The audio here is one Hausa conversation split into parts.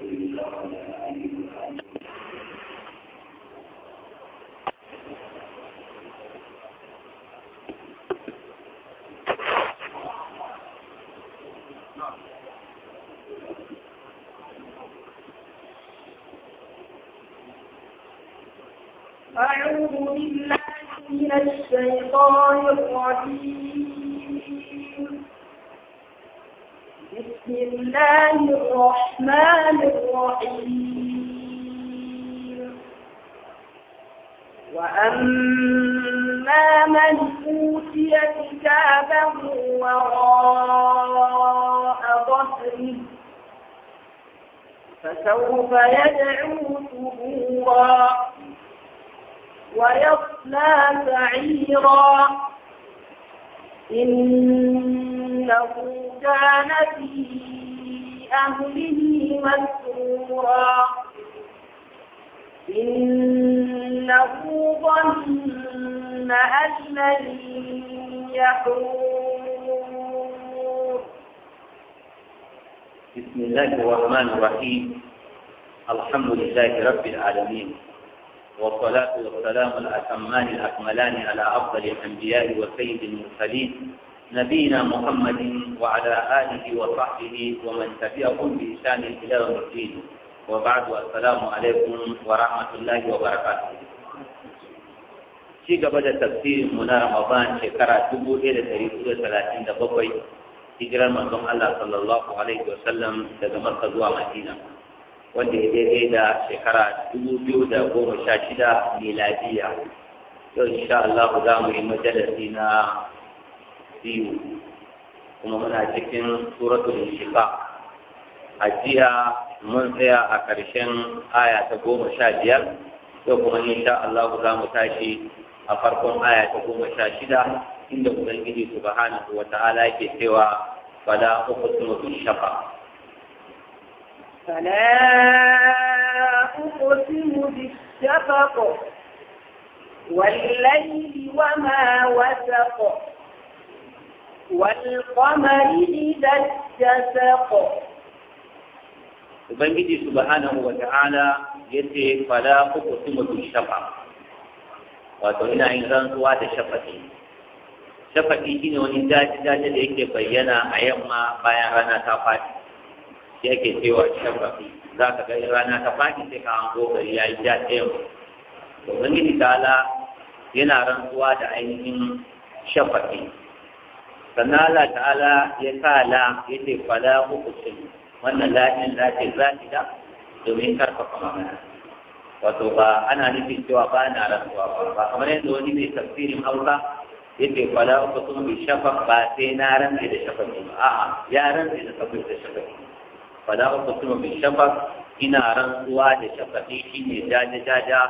la فسوف يدعو ثبورا ويصلى سعيرا إنه كان في أهله مسرورا إنه ظن أن لن يحور بسم الله الرحمن الرحيم الحمد لله رب العالمين والصلاة والسلام الأتمان الأكملان على أفضل الأنبياء وسيد المرسلين نبينا محمد وعلى آله وصحبه ومن تبعهم بإحسان إلى يوم الدين وبعد السلام عليكم ورحمة الله وبركاته ci gaba تفسير tafsirin رمضان شكرا تبو إلى تاريخ ɗaya da ɗari hudu الله صلى الله عليه وسلم manzon Allah sallallahu wanda ya daidai da shekara dubu biyu da goma sha shida miladiya yau insha Allah za mu yi majalisi na biyu kuma muna cikin suratul shifa a jiya mun tsaya a ƙarshen aya ta goma sha biyar yau kuma insha Allah za mu tashi a farkon aya ta goma sha shida inda ubangiji subhanahu wa ta'ala ke cewa fala uqsimu bil shafa فلا أقسم بالشفق والليل وما وسق والقمر إذا اتسق Ubangiji subhanahu wa ta'ala ya ce fala uku simatu shafa wato ina yin rantsuwa da shafafi shafafi shine wani daji daji da yake bayyana a yamma bayan rana ta fadi yake cewa shabba za ka ga rana ta faɗi sai ka hango gari ya yi ja ɗaya to ubangiji ta'ala yana rantsuwa da ainihin shafaƙi sannan Allah ta'ala ya sa la ya ce fala hukusin wannan la'in za ce da domin karfafa magana wato ba ana nufin cewa ba na rantsuwa ba ba kamar yadda wani mai tafsirin hausa ya ce fala hukusin bi shafa ba sai na rantsi da shafaƙi ba a'a ya rantsi da sabbin da shafaƙi fala uqsimu bi shafaq ina rantsuwa da shafaqi shine jaja jaja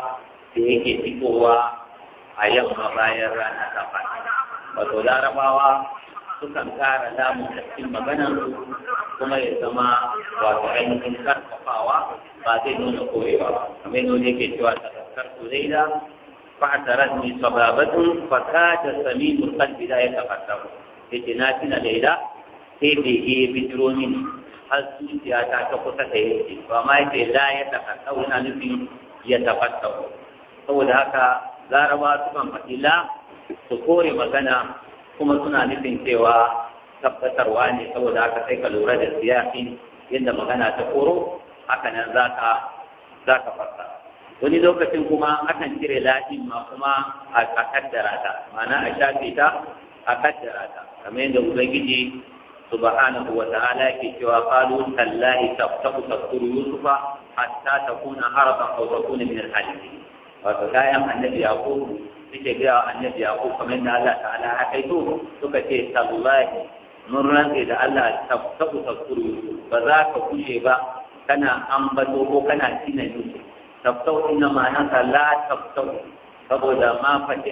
da yake fitowa a yamma bayan rana ta fara wato larabawa sukan kara da cikin maganar kuma ya zama wato ainihin karfafawa ba zai nuna koyewa ba kamar yadda yake cewa ta karku zaida فاعترتني صبابة فكاد سمين القلب لا يتفتح يتناتنا ليلة هذه بدرون har zuciya ta ta kusa ta yanke to amma yake la ya takaddau yana nufin ya tafaddau saboda haka laraba sukan faɗi la su kore magana kuma suna nufin cewa tabbatarwa ne saboda haka sai ka lura da siyasin yadda magana ta koro hakanan nan za ka za ka fasa wani lokacin kuma akan cire la'in ma kuma a kaddara ta ma'ana a shafe ta a kaddara ta kamar yadda ubangiji subhanahu wa ta'ala ke cewa qalu tallahi taftahu tafsir yusufa hatta takuna haraban aw takuna min al-halimin wato kayan annabi yaqub suke ga annabi yaqub kamar da Allah ta'ala haka to suka ce tallahi mun rantse da Allah taftahu tafsir yusuf ba za ka kushe ba kana ambato ko kana tina yusuf taftahu inna ma'anaka la taftahu saboda ma fati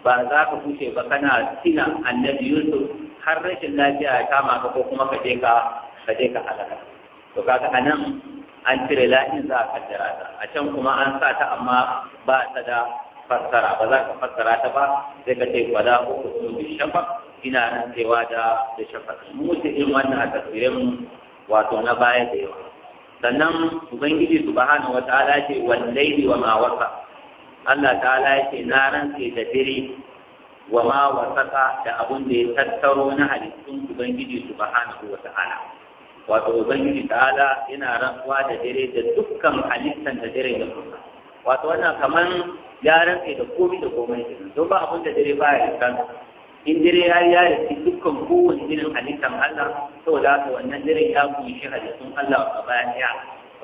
ba za ka kushe ba kana tina annabi yusuf har rashin lafiya ya kama ka ko kuma ka je ka ka je ka halaka to kaga anan an cire la'in za a kaddara ta a can kuma an sa ta amma ba ta da fassara ba za ka fassara ta ba sai ka ce wala ko ku bi shafa ina nan cewa da da shafa mu ce irin wannan a tasirin wato na baya da yawa sannan ubangiji subhanahu wataala ce wallahi wa ma wasa Allah ta'ala ce na sai da dare wa ma wasaqa da abun da ya tattaro na halittun ubangiji subhanahu wa ta'ala wato ubangiji ta'ala yana rantsuwa da dare da dukkan halittan da dare da kuma wato wannan kaman ya rantsa da komai da komai kenan don ba abun da dare baya rantsa in dare ya yi ya rufe dukkan kowane irin halittan Allah da haka wannan dare ya kunshi halittun Allah a bayan ya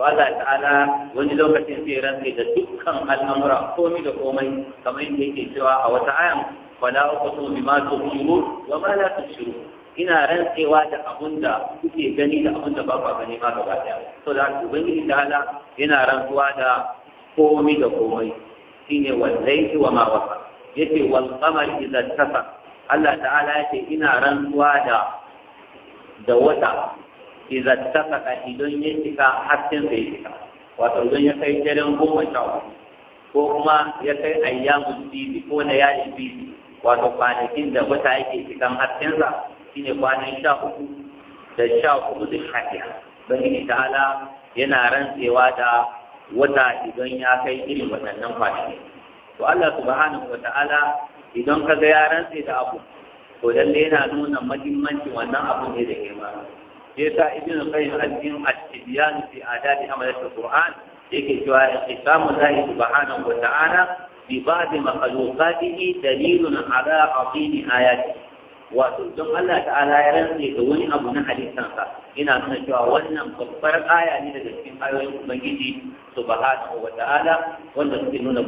Allah ta'ala wani lokacin sai rantsa da dukkan al'amura komai da komai kamar yadda yake cewa a wata ayan fala uqsimu bima tubsirun wa ma la tubsirun ina rantsewa da abun da kuke gani da abun da ba ku gani ma gaba daya to da ubangiji ta Ina yana rantsuwa da komai da komai shine wallahi wa ma wafa yace wal qamar idza tafa Allah ta'ala yace ina rantsuwa da da wata idza tafa idan ya cika hakkin sai cika wato idan ya kai daren goma sha ko kuma ya kai ayyamu bibi ko na yayin bibi wato kwanakin da wata yake cikin shi shine kwanan sha uku da sha uku da sha biyar ubangiji ta'ala yana rantsewa da wata idan ya kai irin waɗannan kwanaki to Allah subhanahu wa ta'ala idan ka ga ya rantse da abu to lalle yana nuna mahimmancin wannan abu ne da girma yasa ibnu qayyim al-din al-tibyan fi adadi amalat al-qur'an yake cewa ihsamu lahi subhanahu wa ta'ala ببعض مخلوقاته دليل على عظيم آياته wato don Allah ta'ala ya rantse da wani abu na halittansa ina nuna cewa wannan babbar aya ne daga cikin ayoyin Ubangiji subhanahu wa ta'ala wanda suke nuna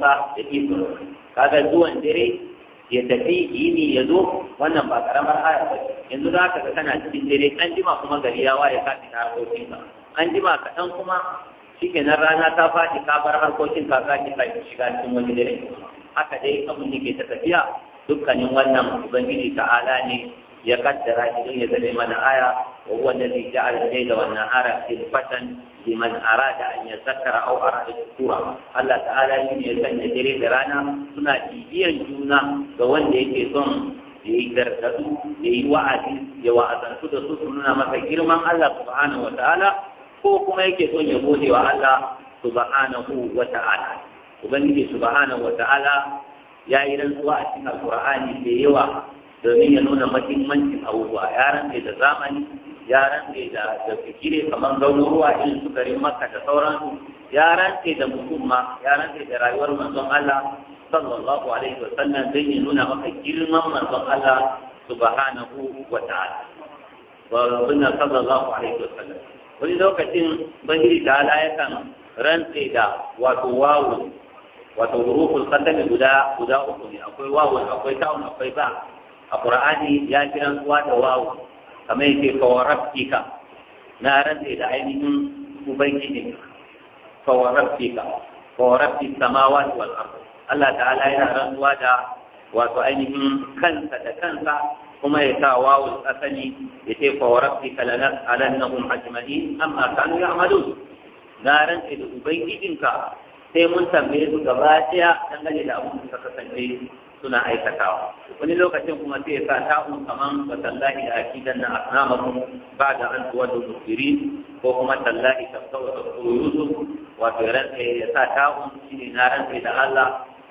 sa, da ikon kaga zuwan dare ya tafi yini ya zo wannan ba karamar aya ba yanzu za ka ga kana cikin dare an jima kuma gari ya waye ka fita harkokin an jima kaɗan kuma shikenan rana ta faɗi ka bar harkokin ka ka ki kai shiga cikin wani dare haka dai abin da ke ta tafiya dukkanin wannan ubangiji ta'ala ne ya kaddara shi don ya zame mana aya wa huwa alladhi ja'ala wannan layla wan nahara khilfatan liman arada an yadhakkara aw arada shukura Allah ta'ala shi ne ya dare da rana suna bibiyan juna ga wanda yake son ya yi gargaɗu ya yi wa'azi ya wa'azantu da su su nuna masa girman Allah subhanahu wa ta'ala ko kuma yake son ya gode wa Allah subhanahu wa ta'ala ubangiji subhanahu wa ta'ala ya yi rantsuwa a cikin alqur'ani da yawa domin ya nuna mahimmancin abubuwa ya rantsa da zamani ya rantsa da da fikire kamar ruwa irin su garin makka da sauransu ya rantsa da mutum ma ya rantsa da rayuwar manzon Allah sallallahu alaihi wa sallam zai ya nuna maka girman manzon Allah subhanahu wa ta'ala wa rabbina sallallahu alaihi wa sallam wani lokacin bangiji da ala rantse da wato wawu wato hurufun kadami guda guda uku ne akwai wawu akwai ta'un akwai ba a qur'ani ya kiran suwa da wawu kamar yake fawarabbika na rantse da ainihin ubangiji fawarabbika fawarabbi samawati wal ardh Allah ta'ala yana rantsuwa da wato ainihin kansa da kansa kuma ya sa wawul asali ya ce fa wa rabbika lanas'alannahum ajma'in amma kanu ya'malun na rantsa da ubangijinka sai mun tambaye su gaba daya dangane da abin da suka kasance suna aikatawa wani lokacin kuma sai ya sa ta'un kaman ba tallahi da akidan na asnamakum ba da an tuwa da musiri ko kuma tallahi tafsau da yusuf wato ya rantsa ya sa ta'un shine na rantsa da Allah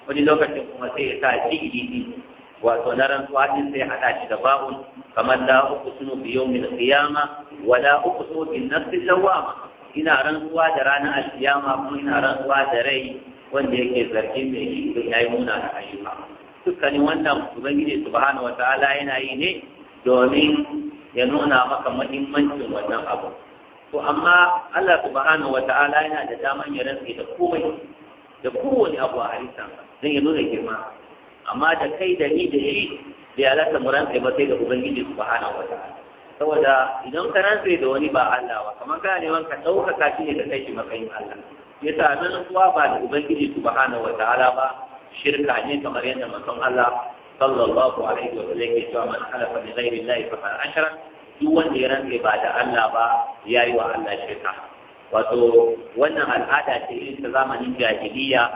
wani lokacin kuma sai ya sa jigidi wato na rantsuwa din sai hada shi da ba'un kamar la uqsimu bi yawmil qiyama wa la uqsimu bin nafsi lawama ina rantsuwa da ranar alkiyama kuma ina rantsuwa da rai wanda yake zargin mai shi da yayi muna da ayyuka dukkanin wannan ubangiji subhanahu ta'ala yana yi ne domin ya nuna maka muhimmancin wannan abu to amma Allah subhanahu ta'ala yana da daman ya rantsi da komai da kowane abu a halittar zai ya nuna girma amma da kai da ni da shi ya halatta mu rantse ba sai da ubangiji subhanahu wa ta'ala saboda idan ka rantse da wani ba Allah ba kamar ka neman ka ɗaukaka shi ne ka kai shi matsayin Allah yasa nan kuwa ba da ubangiji subhanahu wa ta'ala ba shirka ne kamar yadda manzon Allah sallallahu alaihi wa sallam ya ce man halafa bi ghairi Allah fa duk wanda ya rantse ba da Allah ba yayi wa Allah shirka wato wannan al'ada ce irin ta zamanin jahiliya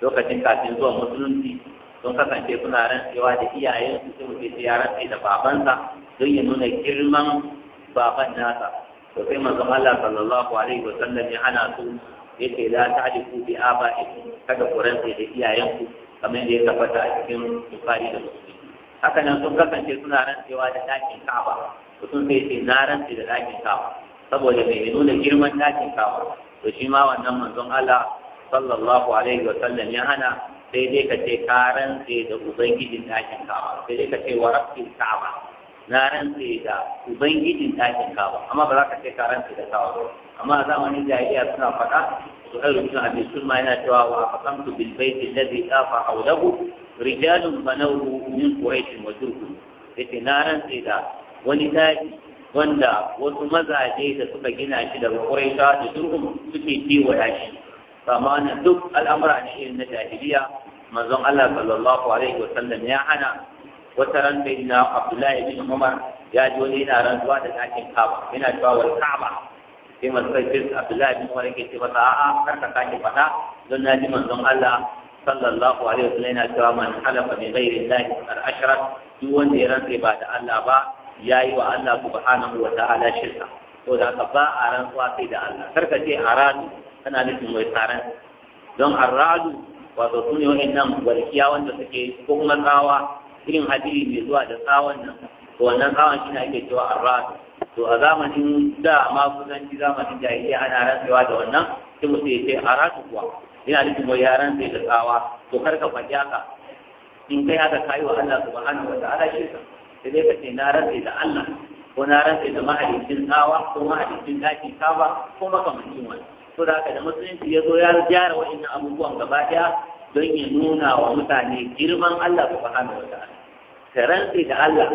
lokacin kafin zuwa musulunci sun kasance suna rantsewa da iyayensu sai mutum sai ya da babansa don ya nuna girman baban nasa to sai manzon Allah sallallahu alaihi wa sallam ya hana su yace la ta'rifu bi aba'ikum kada ku rantse da iyayenku kamar da ya tabbata a cikin Bukhari da Muslim haka nan sun kasance suna rantsewa da ɗakin Ka'aba sun sai sai na rantse da ɗakin Ka'aba saboda mai nuna girman ɗakin Ka'aba to shi ma wannan manzon Allah sallallahu alaihi wa sallam ya hana sai dai ka ce ka rantse da ubangijin ɗakin kawa sai dai ka ce wa rabbi kaba na rantse da ubangijin ɗakin kawa amma ba za ka ce ka rantse da kaba ba amma a zamanin jahiliya suna faɗa su ɗauki sun abin sun ma yana cewa wa a faɗan su bilbai su lazi ɗafa a wadabu rijalun banauru min kuwaitin wa turku sai ce na rantse da wani daji wanda wasu mazaje da suka gina shi daga kuraisha da turku suke kiwo da shi tsamanin duk al'amura na irin na jahiliya manzon Allah sallallahu alaihi wasallam ya hana wata ran Abdullahi bin Umar ya ji wani yana rantsuwa da ɗakin Ka'aba yana cewa wal Ka'aba sai manzon sai Abdullahi bin Umar yake a'a kar ka don na ji manzon Allah sallallahu alaihi wasallam yana cewa man halafa bi ghairi Allah faqad ashrak duk wanda ya rantsa ba da Allah ba yayi wa Allah subhanahu wa ta'ala shirka to da ka ba a rantsuwa sai da Allah ka ce aradu tana nufin mai tsaran don arradu wato su ne wa'annan walkiya wanda suke ko kuma tsawa irin hadiri mai zuwa da tsawon nan to wannan tsawon shi ne ake cewa arradu to a zamanin da ma kusanci zamanin jahiliya ana rantsewa da wannan sai mutum ya ce arradu kuwa yana nufin mai yaran sai da tsawa to kar ka faɗi haka in kai haka kayi wa Allah subhanahu wa ta'ala ka sai dai ka ce na rantse da Allah ko na rantse da mahalicin tsawa ko mahalicin daki tsawa, ko makamancin wani so da haka da musulunci ya zo ya gyara wa'annan abubuwan gaba ɗaya don ya nuna wa mutane girman Allah subhanahu wa wata ka rantse da Allah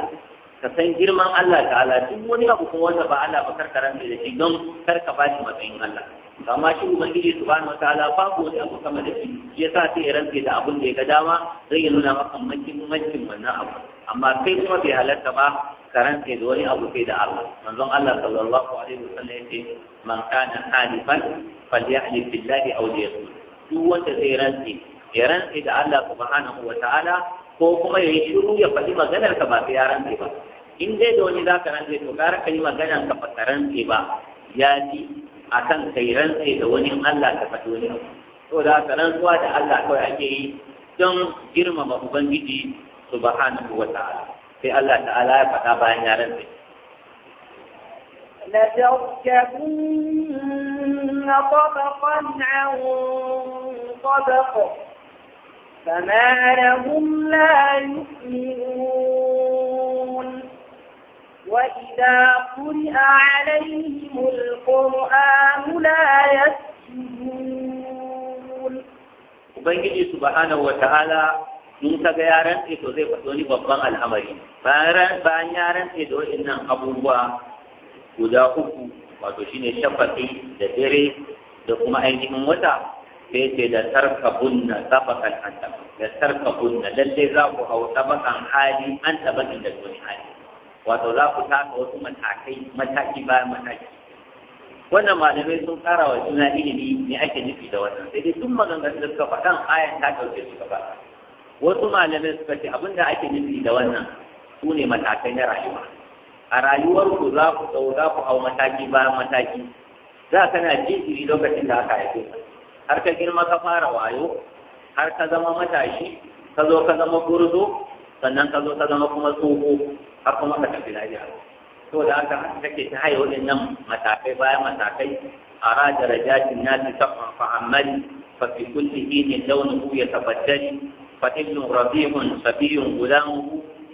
ka san girman Allah ala, duk wani abu kuma wanda ba Allah ba kar ka rantse da shi don kar ka ba shi matsayin Allah amma shi ubangiji subhanahu wataala babu wani abu kama da shi ya sa sai ya rantse da abun da ya ga dama zai ya nuna maka mahimmancin wannan abu amma kai kuma bai halarta ba karanta da wani abu sai da Allah manzon Allah sallallahu alaihi wasallam yake man kana halifan falyahlif billahi aw liyaqul duk wanda zai rantsi ya rantsi da Allah subhanahu wa ta'ala ko kuma ya yi shiru ya faɗi maganar ka ba sai ya rantsi ba in dai da wani zaka rantsi to gara ka yi maganar ka ba ka rantsi ba ya ji akan kai rantsi da wani Allah ka faɗi wani abu saboda haka rantsuwa da Allah kawai ake yi don girmama ubangiji subhanahu wa ta'ala في الله تعالى ya faɗa bayan لتركبن طبقا عن طبق فما لهم لا يؤمنون وإذا قرئ عليهم القرآن لا يسجدون وبنجي سبحانه وتعالى Musa ga yaren rantse to zai faso ni babban al'amari bayan yaren rantse da wa'innan abubuwa guda uku wato shine shafaƙi da dare da kuma ainihin wata sai ce da tarka bunna tabakan an da tarka bunna lallai za ku hau tabakan hali an tabakin da wani hali wato za ku taka wasu matakai mataki bayan mataki wannan malamai sun ƙara wa juna ilimi ne ake nufi da wannan sai dai tun maganganun da suka faɗan ayan ta ɗauke su gaba wasu malamai suka ce abin da ake nufi da wannan su ne matakai na rayuwa a rayuwarku za ku tsawo za ku hau mataki bayan mataki za ka na jinkiri lokacin da aka haife har ka girma ka fara wayo har ka zama matashi ka zo ka zama gurzo sannan ka zo ka zama kuma tsoho har kuma ka tafi lafiya to da haka kake ta haye waɗannan matakai bayan matakai a ra darajatin nasi safan fa'amali fa fi kulli hinin launuhu ya فابن ربيع صبي غلامه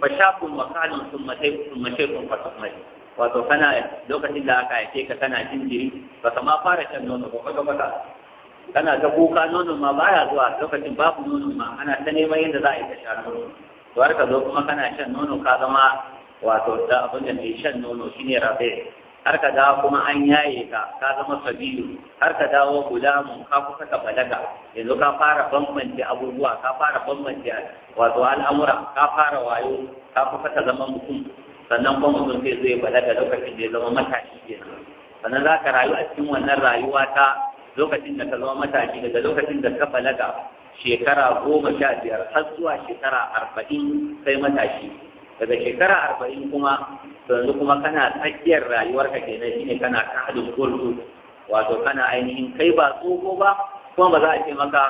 فشاب وقال ثم شيخ ثم شيخ فتقمل wato kana lokacin da aka haife ka kana jinjiri ba ka ma fara shan nono ba kwata kwata kana ta kuka nono ma baya zuwa lokacin babu nono ma ana ta neman yadda za a yi ta sha nono to har ka zo kuma kana shan nono ka zama wato da abin da mai shan nono shine rabe har ka dawo kuma an yaye ka ka zama sabilu har ka dawo gulamu ka kusa ka balaga yanzu ka fara bambance abubuwa ka fara bambance wato al'amura ka fara wayo ka kusa ka zama mutum sannan kuma mutum sai zai balaga lokacin da ya zama matashi kenan sannan za ka rayu a cikin wannan rayuwa ta lokacin da ka zama matashi daga lokacin da ka balaga shekara goma sha biyar har zuwa shekara arba'in sai matashi daga shekara arba'in kuma yanzu kuma kana tsakiyar rayuwarka kenan shine kana kahlul gurdu wato kana ainihin kai ba tsoho ba kuma ba za a ce maka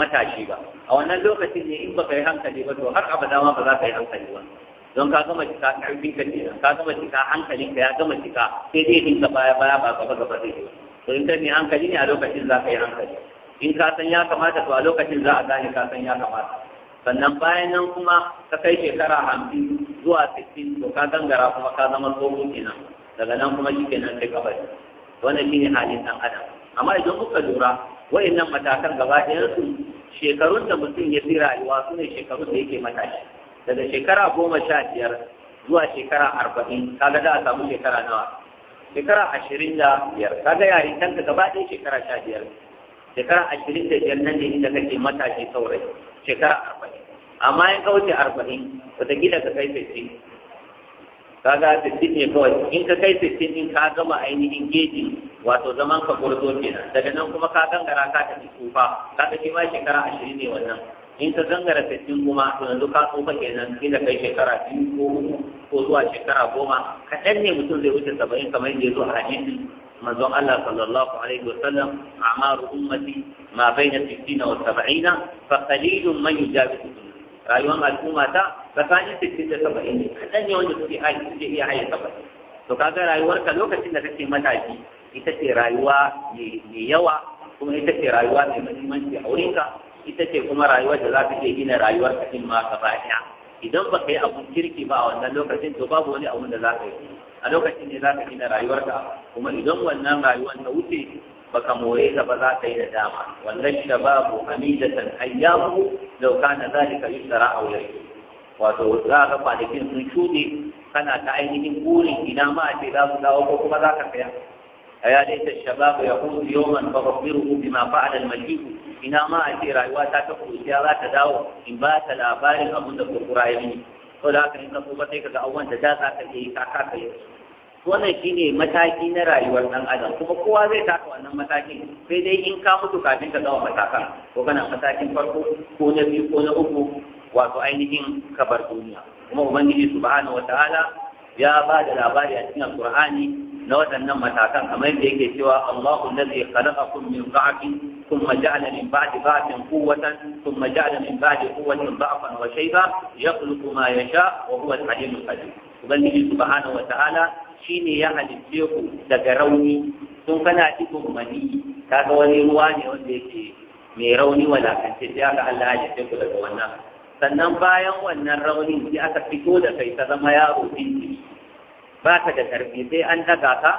matashi ba a wannan lokacin ne in baka yi hankali ba to har abada ma ba za ka yi hankali ba don ka gama cika karfin ka kenan ka gama cika hankalin ka ya gama cika sai dai dinka baya baya ba gaba gaba zai yi to in kai hankali ne a lokacin za ka yi hankali in ka san ya kamata to a lokacin za a gane ka san ya kamata sannan bayan nan kuma ka kai shekara hamsin zuwa sittin to ka gangara kuma ka zama tsoho kenan daga nan kuma shi kenan sai kabari wannan shine halin ɗan adam amma idan kuka lura nan matakan gaba ɗayan su shekarun da mutum ya fi rayuwa su ne shekarun da yake matashi daga shekara goma sha biyar zuwa shekara arba'in kaga za a samu shekara nawa shekara ashirin da biyar kaga yarintanka gaba ɗaya shekara sha biyar shekara ashirin da biyar nan ne inda kake matashi saurayi shekara arba'in amma in kauce arba'in wataƙila ka kai Ka ga sittin ne kawai in ka kai sittin in ka gama ainihin geji wato zaman ka gurzo kenan daga nan kuma ka gangara ka tafi tsufa ka tafi ma shekara ashirin ne wannan in ka gangara sittin kuma to yanzu ka tsufa kenan inda kai shekara biyu ko uku ko zuwa shekara goma kaɗan ne mutum zai wuce saba'in kamar yadda ya zo a hadisi manzon Allah sallallahu alaihi wasallam amaru ummati ma baina 60 wa 70 fa qalilun man yujabisu rayuwar al'umma ta tsakanin 60 da 70 kadan ne wanda suke hali suke iya haye 70 to kaga rayuwarka lokacin da kake matashi ita ce rayuwa mai yawa kuma ita ce rayuwa mai muhimmanci a wurinka ita ce kuma rayuwar da za ka iya gina rayuwar ka ma gaba idan ba ka yi abun kirki ba a wannan lokacin to babu wani abun da za ka yi a lokacin ne za ka gina rayuwarka kuma idan wannan rayuwar ta wuce baka more ta ba za ka yi da dama wannan shababu hamidatan ayyamu law kana zalika yusra aw yusra wato za ka kwanakin sun shuɗe kana ta ainihin burin ina ma a ce za su dawo ko kuma za ka saya ta ليت الشباب يقول يوما فأخبره بما فعل المجيء إنا ما أتي رأيوا تاكفوا إشارة تداو إن ka الآبار أبو ذكر قرائمين ولا كان إن صوبتك أول تداتا ka تاكا كي wannan shine mataki na rayuwar dan adam kuma kowa zai taka wannan matakin sai dai in ka mutu kafin ka zama matakan ko kana matakin farko ko na biyu ko na uku wato ainihin kabar duniya kuma ubangiji subhanahu wataala ya ba da labari a cikin alqur'ani na waɗannan matakan kamar yadda yake cewa Allahu allazi khalaqakum min dha'fin thumma ja'ala min ba'di dha'fin quwwatan thumma ja'ala min ba'di quwwatin dha'fan wa shay'an yakhluqu ma yasha wa huwa al-'aliyyul qadir ubangiji subhanahu wataala shine ya halicce ku daga rauni tun kana cikin mani kaga wani ruwa ne wanda yake mai rauni walakance sai aka Allah ya ce ku daga wannan sannan bayan wannan raunin sai aka fito da kai ta zama yaro dinki ba ka da karfi sai an daga ka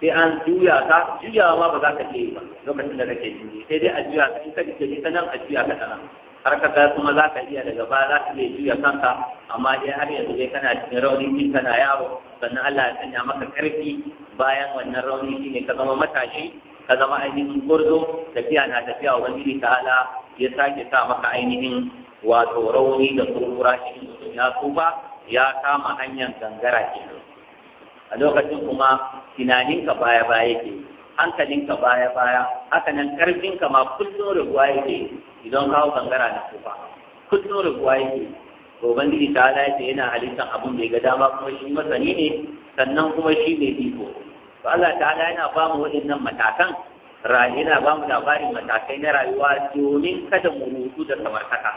sai an juya ka juyawa ba za ka ce ba lokacin da kake jini sai dai a juya ka in ka jini ta nan a juya ka ta nan har ka gaya kuma za ka iya daga baya za ka iya juya kanka amma dai har yanzu dai kana cikin rauni din kana yaro sannan Allah ya sanya maka karfi bayan wannan rauni ne ka zama matashi ka zama ainihin gurzo tafiya na tafiya ta ta'ala ya sake sa maka ainihin wato rauni da kurkura shi ya tsufa ya kama hanyar gangara ke a lokacin kuma tunaninka baya baya ke hankalinka baya baya haka nan karfinka ma kullum ruwa yake idan kawo kankara da kufa kullum rubuwa yake to ubangiji ta ala yana halittar abin da ga dama kuma shi masani ne sannan kuma shi ne iko to Allah ta hada yana ba mu waɗannan matakan yana ba mu labarin matakai na rayuwa domin kada mu rutu da samartaka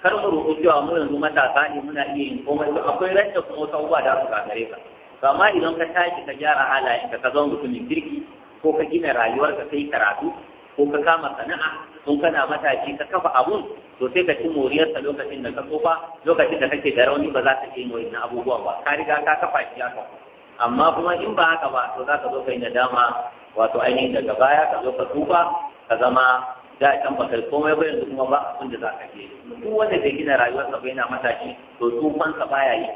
kar mu rutu cewa mu yanzu matasa ne muna iya yin komai to akwai rancen kuma wasu da aka gare ka to amma idan ka tashi ka gyara halayen ka ka zama mutumin kirki ko ka gina rayuwar ka kai karatu ko ka kama sana'a tun kana mataki ka kafa abun to sai ka ci moriyarsa lokacin da ka tsufa lokacin da kake da rauni ba za ka iya na abubuwa ba ka riga ka kafa shi haka amma kuma in ba haka ba to za ka zo ka yi nadama wato ainihin daga baya ka zo ka tsufa ka zama da kan baka komai ba yanzu kuma ba abin da za ka je duk wanda bai gina rayuwarsa ba yana mataki to tsufansa baya yi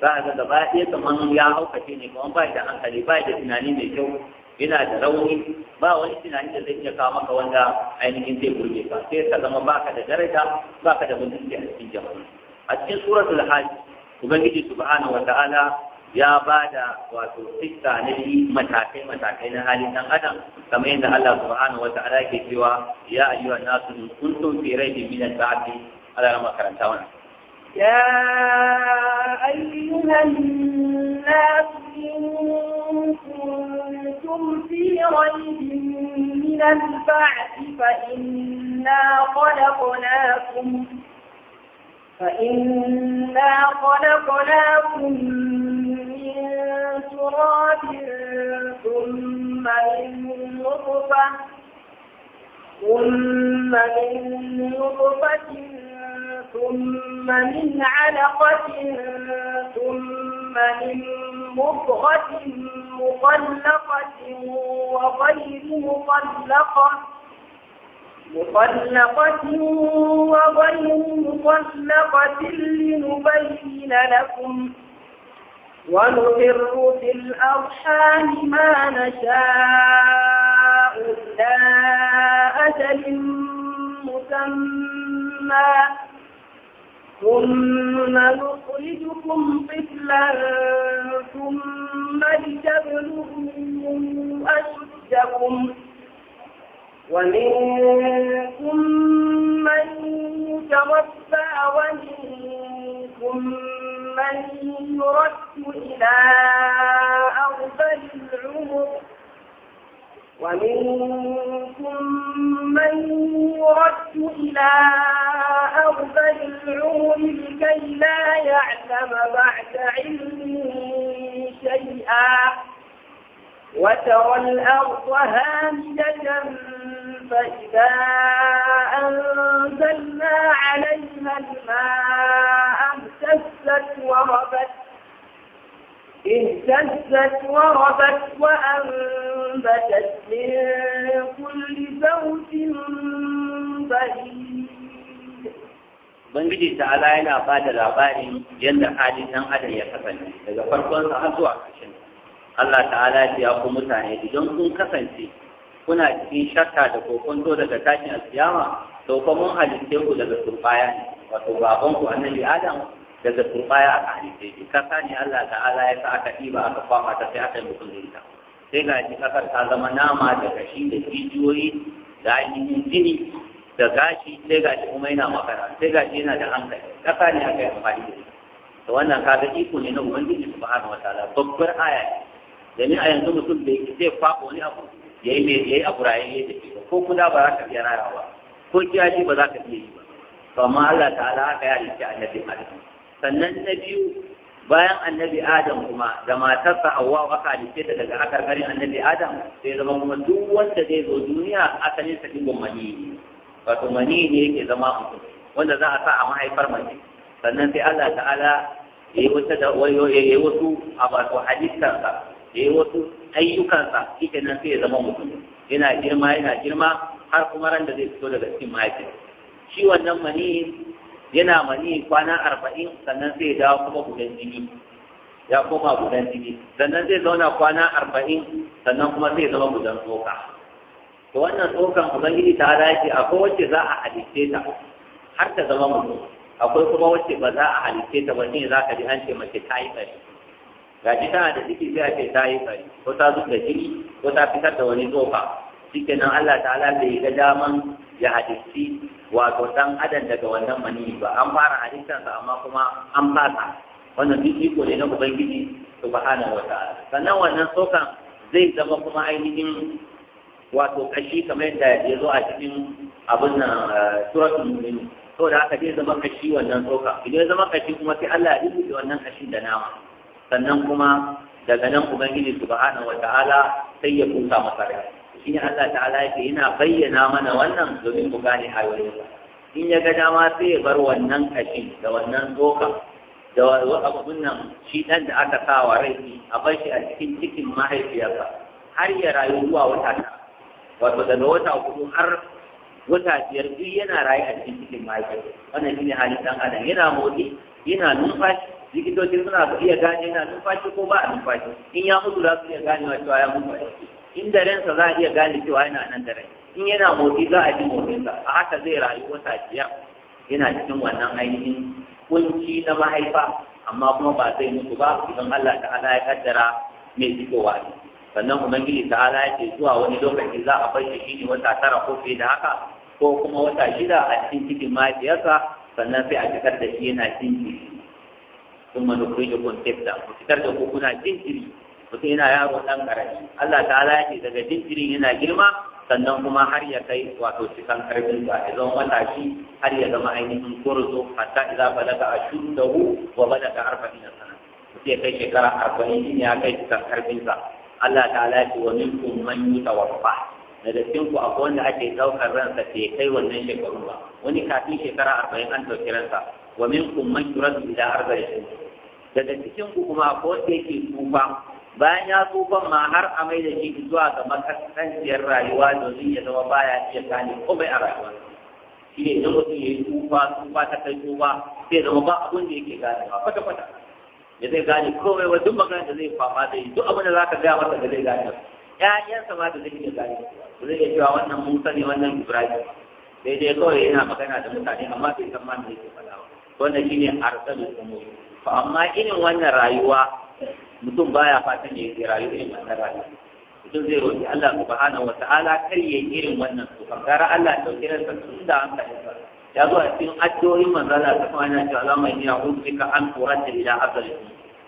za ka ga gaba ɗaya kaman ya haukace ne kamar ba da hankali ba da tunani mai kyau yana da rauni ba wani tunani da zai iya kawo maka wanda ainihin zai burge ka sai ka zama baka da daraja baka da mutunci a cikin jama'a a cikin suratul hajj ubangiji subhanahu wa ta'ala ya ba da wato sikka na bi matakai matakai na halin dan adam kamar yadda Allah subhanahu wa ta'ala ke cewa ya ayyuhan nasu in kuntum fi raybin min al-ba'thi ala makaranta wannan يا أيها الناس إن كنتم في ريب من البعث فإنا خلقناكم فإنا خلقناكم من تراب ثم من نطفة ثم من نطفة ثم من علقة ثم من مضغة مطلقة وغير مطلقة مطلقة وغير مطلقة لنبين لكم ونقر في الأرحام ما نشاء إلى أجل مسمى ثم نخرجكم طفلا ثم لتبلغوا أشدكم ومنكم من يتوفى ومنكم من يرد إلى أرض العمر ومنكم من يرد إلى أرض العمر لكي لا يعلم بعد علم شيئا وترى الأرض هامدة فإذا أنزلنا عليها الماء اهتزت وربت اهتزت وربت وأنبتت من كل زوج بهيج Ubangiji ta'ala yana ba da labarin yadda halin ɗan adam ya kasance daga farkon sa har zuwa ƙarshen Allah ta'ala ya ku mutane idan kun kasance kuna cikin shakka da kokonto daga takin alkiyama to fa mun halitte ku daga turbaya ne wato babanku ku annabi Adam daga turbaya aka halitta shi kasa ne Allah ta'ala ya sa aka ɗiba aka kwama ta sai aka yi mutum da ita sai ga shi ƙasar ta zama nama da gashi, da jijiyoyi da ainihin jini da gashi sai ga shi kuma yana makara sai ga shi yana da hankali kasa ne aka yi amfani da ita Da wannan ga iko ne na ubangiji subhanahu wataala babbar aya ne domin a yanzu mutum bai zai faɓo wani abu yi mai yi abu raye da shi ko kuna ba za ka iya rayawa ko kiyashi ba za ka biya yi ba to amma Allah ta'ala haka ya a annabi Adam sannan na biyu bayan annabi adam kuma da matarsa hawa aka halice ta daga akarkarin annabi adam sai zama kuma duk wanda zai zo duniya asalin sa digon mani wato mani ne yake zama mutum wanda za a sa a mahaifar mani. sannan sai Allah ta'ala ya yi wata da ya wasu a wato halittarsa ya yi wasu ayyukansa ita nan sai ya zama mutum yana girma yana girma har kuma ran da zai fito daga cikin mahaifin shi wannan mani yana mani kwana arba'in sannan zai ya dawo kuma gudan jini ya koma gudan jini sannan zai zauna kwana arba'in sannan kuma zai zama gudan tsoka to wannan tsokan ubangiji ta dace akwai wacce za a halitte ta har ta zama mutum akwai kuma wacce ba za a halitte ta ba ne za ka ji an ce mace ta yi bari ga ji tana da ciki sai a ce ta yi bari ko ta zuba jini ko ta fitar da wani tsoka nan Allah ta'ala bai ga daman ya hadisi wato dan adam daga wannan mani ba an fara sa amma kuma an fasa wannan duk iko ne na ubangiji subhanahu wa ta'ala sannan wannan sokan zai zama kuma ainihin wato kashi kamar yadda ya zo a cikin abin nan eh, suratul mu'minin da haka zai zama kashi wannan soka idan ya zama kashi kuma sai Allah ya rubuce wannan kashi da nama sannan kuma daga nan ubangiji subhanahu wa ta'ala sai ya kusa masa rai in ne Allah ta'ala ya ce yana bayyana mana wannan domin ku gane ba. in ya ga dama sai ya bar wannan kashi da wannan doka da abun nan shi ɗan da aka sa wa rai a bar shi a cikin cikin mahaifiyarsa har ya rayu zuwa wata ta wato daga wata hudu har wata biyar duk yana rayu a cikin cikin mahaifiyarsa wannan shine halin ɗan adam yana motsi yana numfashi likitoci suna iya gane yana numfashi ko ba a numfashi in ya mutu za su iya ganewa cewa ya mutu In ransa za a iya gane cewa yana nan da rai in yana motsi za a ji motsinsa a haka zai rayu wata jiya. yana cikin wannan ainihin kunci na mahaifa amma kuma ba zai mutu ba idan Allah ta'ala ya kaddara mai fitowa ne sannan ubangiji ta'ala ya ce zuwa wani lokaci za a bar shi ne wata tara ko fiye da haka ko kuma wata shida a cikin cikin mahaifiyarsa sannan sai a fitar da shi yana jinkiri kuma nufin da tefta ku fitar da ku kuna jinkiri mutum yana yaro ɗan ƙarami Allah ta'ala ya ce daga jinjirin yana girma sannan kuma har ya kai wato cikan karfin ba. ya zama matashi har ya zama ainihin kurzo hatta idza balaga ashuddahu wa balaga arba'ina sana mutum ya kai shekara arba'in ya kai cikan karfin sa Allah ta'ala ya ce wa minkum man yutawaffa daga cikin ku akwai wanda ake ɗaukar ransa ke kai wannan shekaru ba wani kafin shekara arba'in an ɗauki ransa wa minkum man yuradu ila arba'in daga cikin ku kuma akwai wanda yake tsufa bayan ya tsufan ma har amai da shi zuwa ga makasantiyar rayuwa domin ya zama baya iya gane komai a rayuwa shi ne idan mutum ya yi tsufa tsufa ta kai tsufa sai zama ba abin da yake gane ba fata-fata. ya zai gane komai ba duk magana da zai fama da yi duk abin da za ka gaya masa da zai gane Ya'yansa ma da zai iya gane ba zai iya cewa wannan musa ne wannan ibrahim sai dai kawai yana magana da mutane amma bai san ma me yake faɗa ba wannan shine arsalul umur fa amma irin wannan rayuwa mutum baya fatan ya yi rayu irin wannan rayuwa mutum zai roƙi Allah subhanahu wa ta'ala kar ya yi irin wannan to kankara Allah ya dauki ransa tun da an kai ya zo a cikin addu'o'in manzala ta kuma yana cewa Allahumma inni a'udhu ka an turata ila azali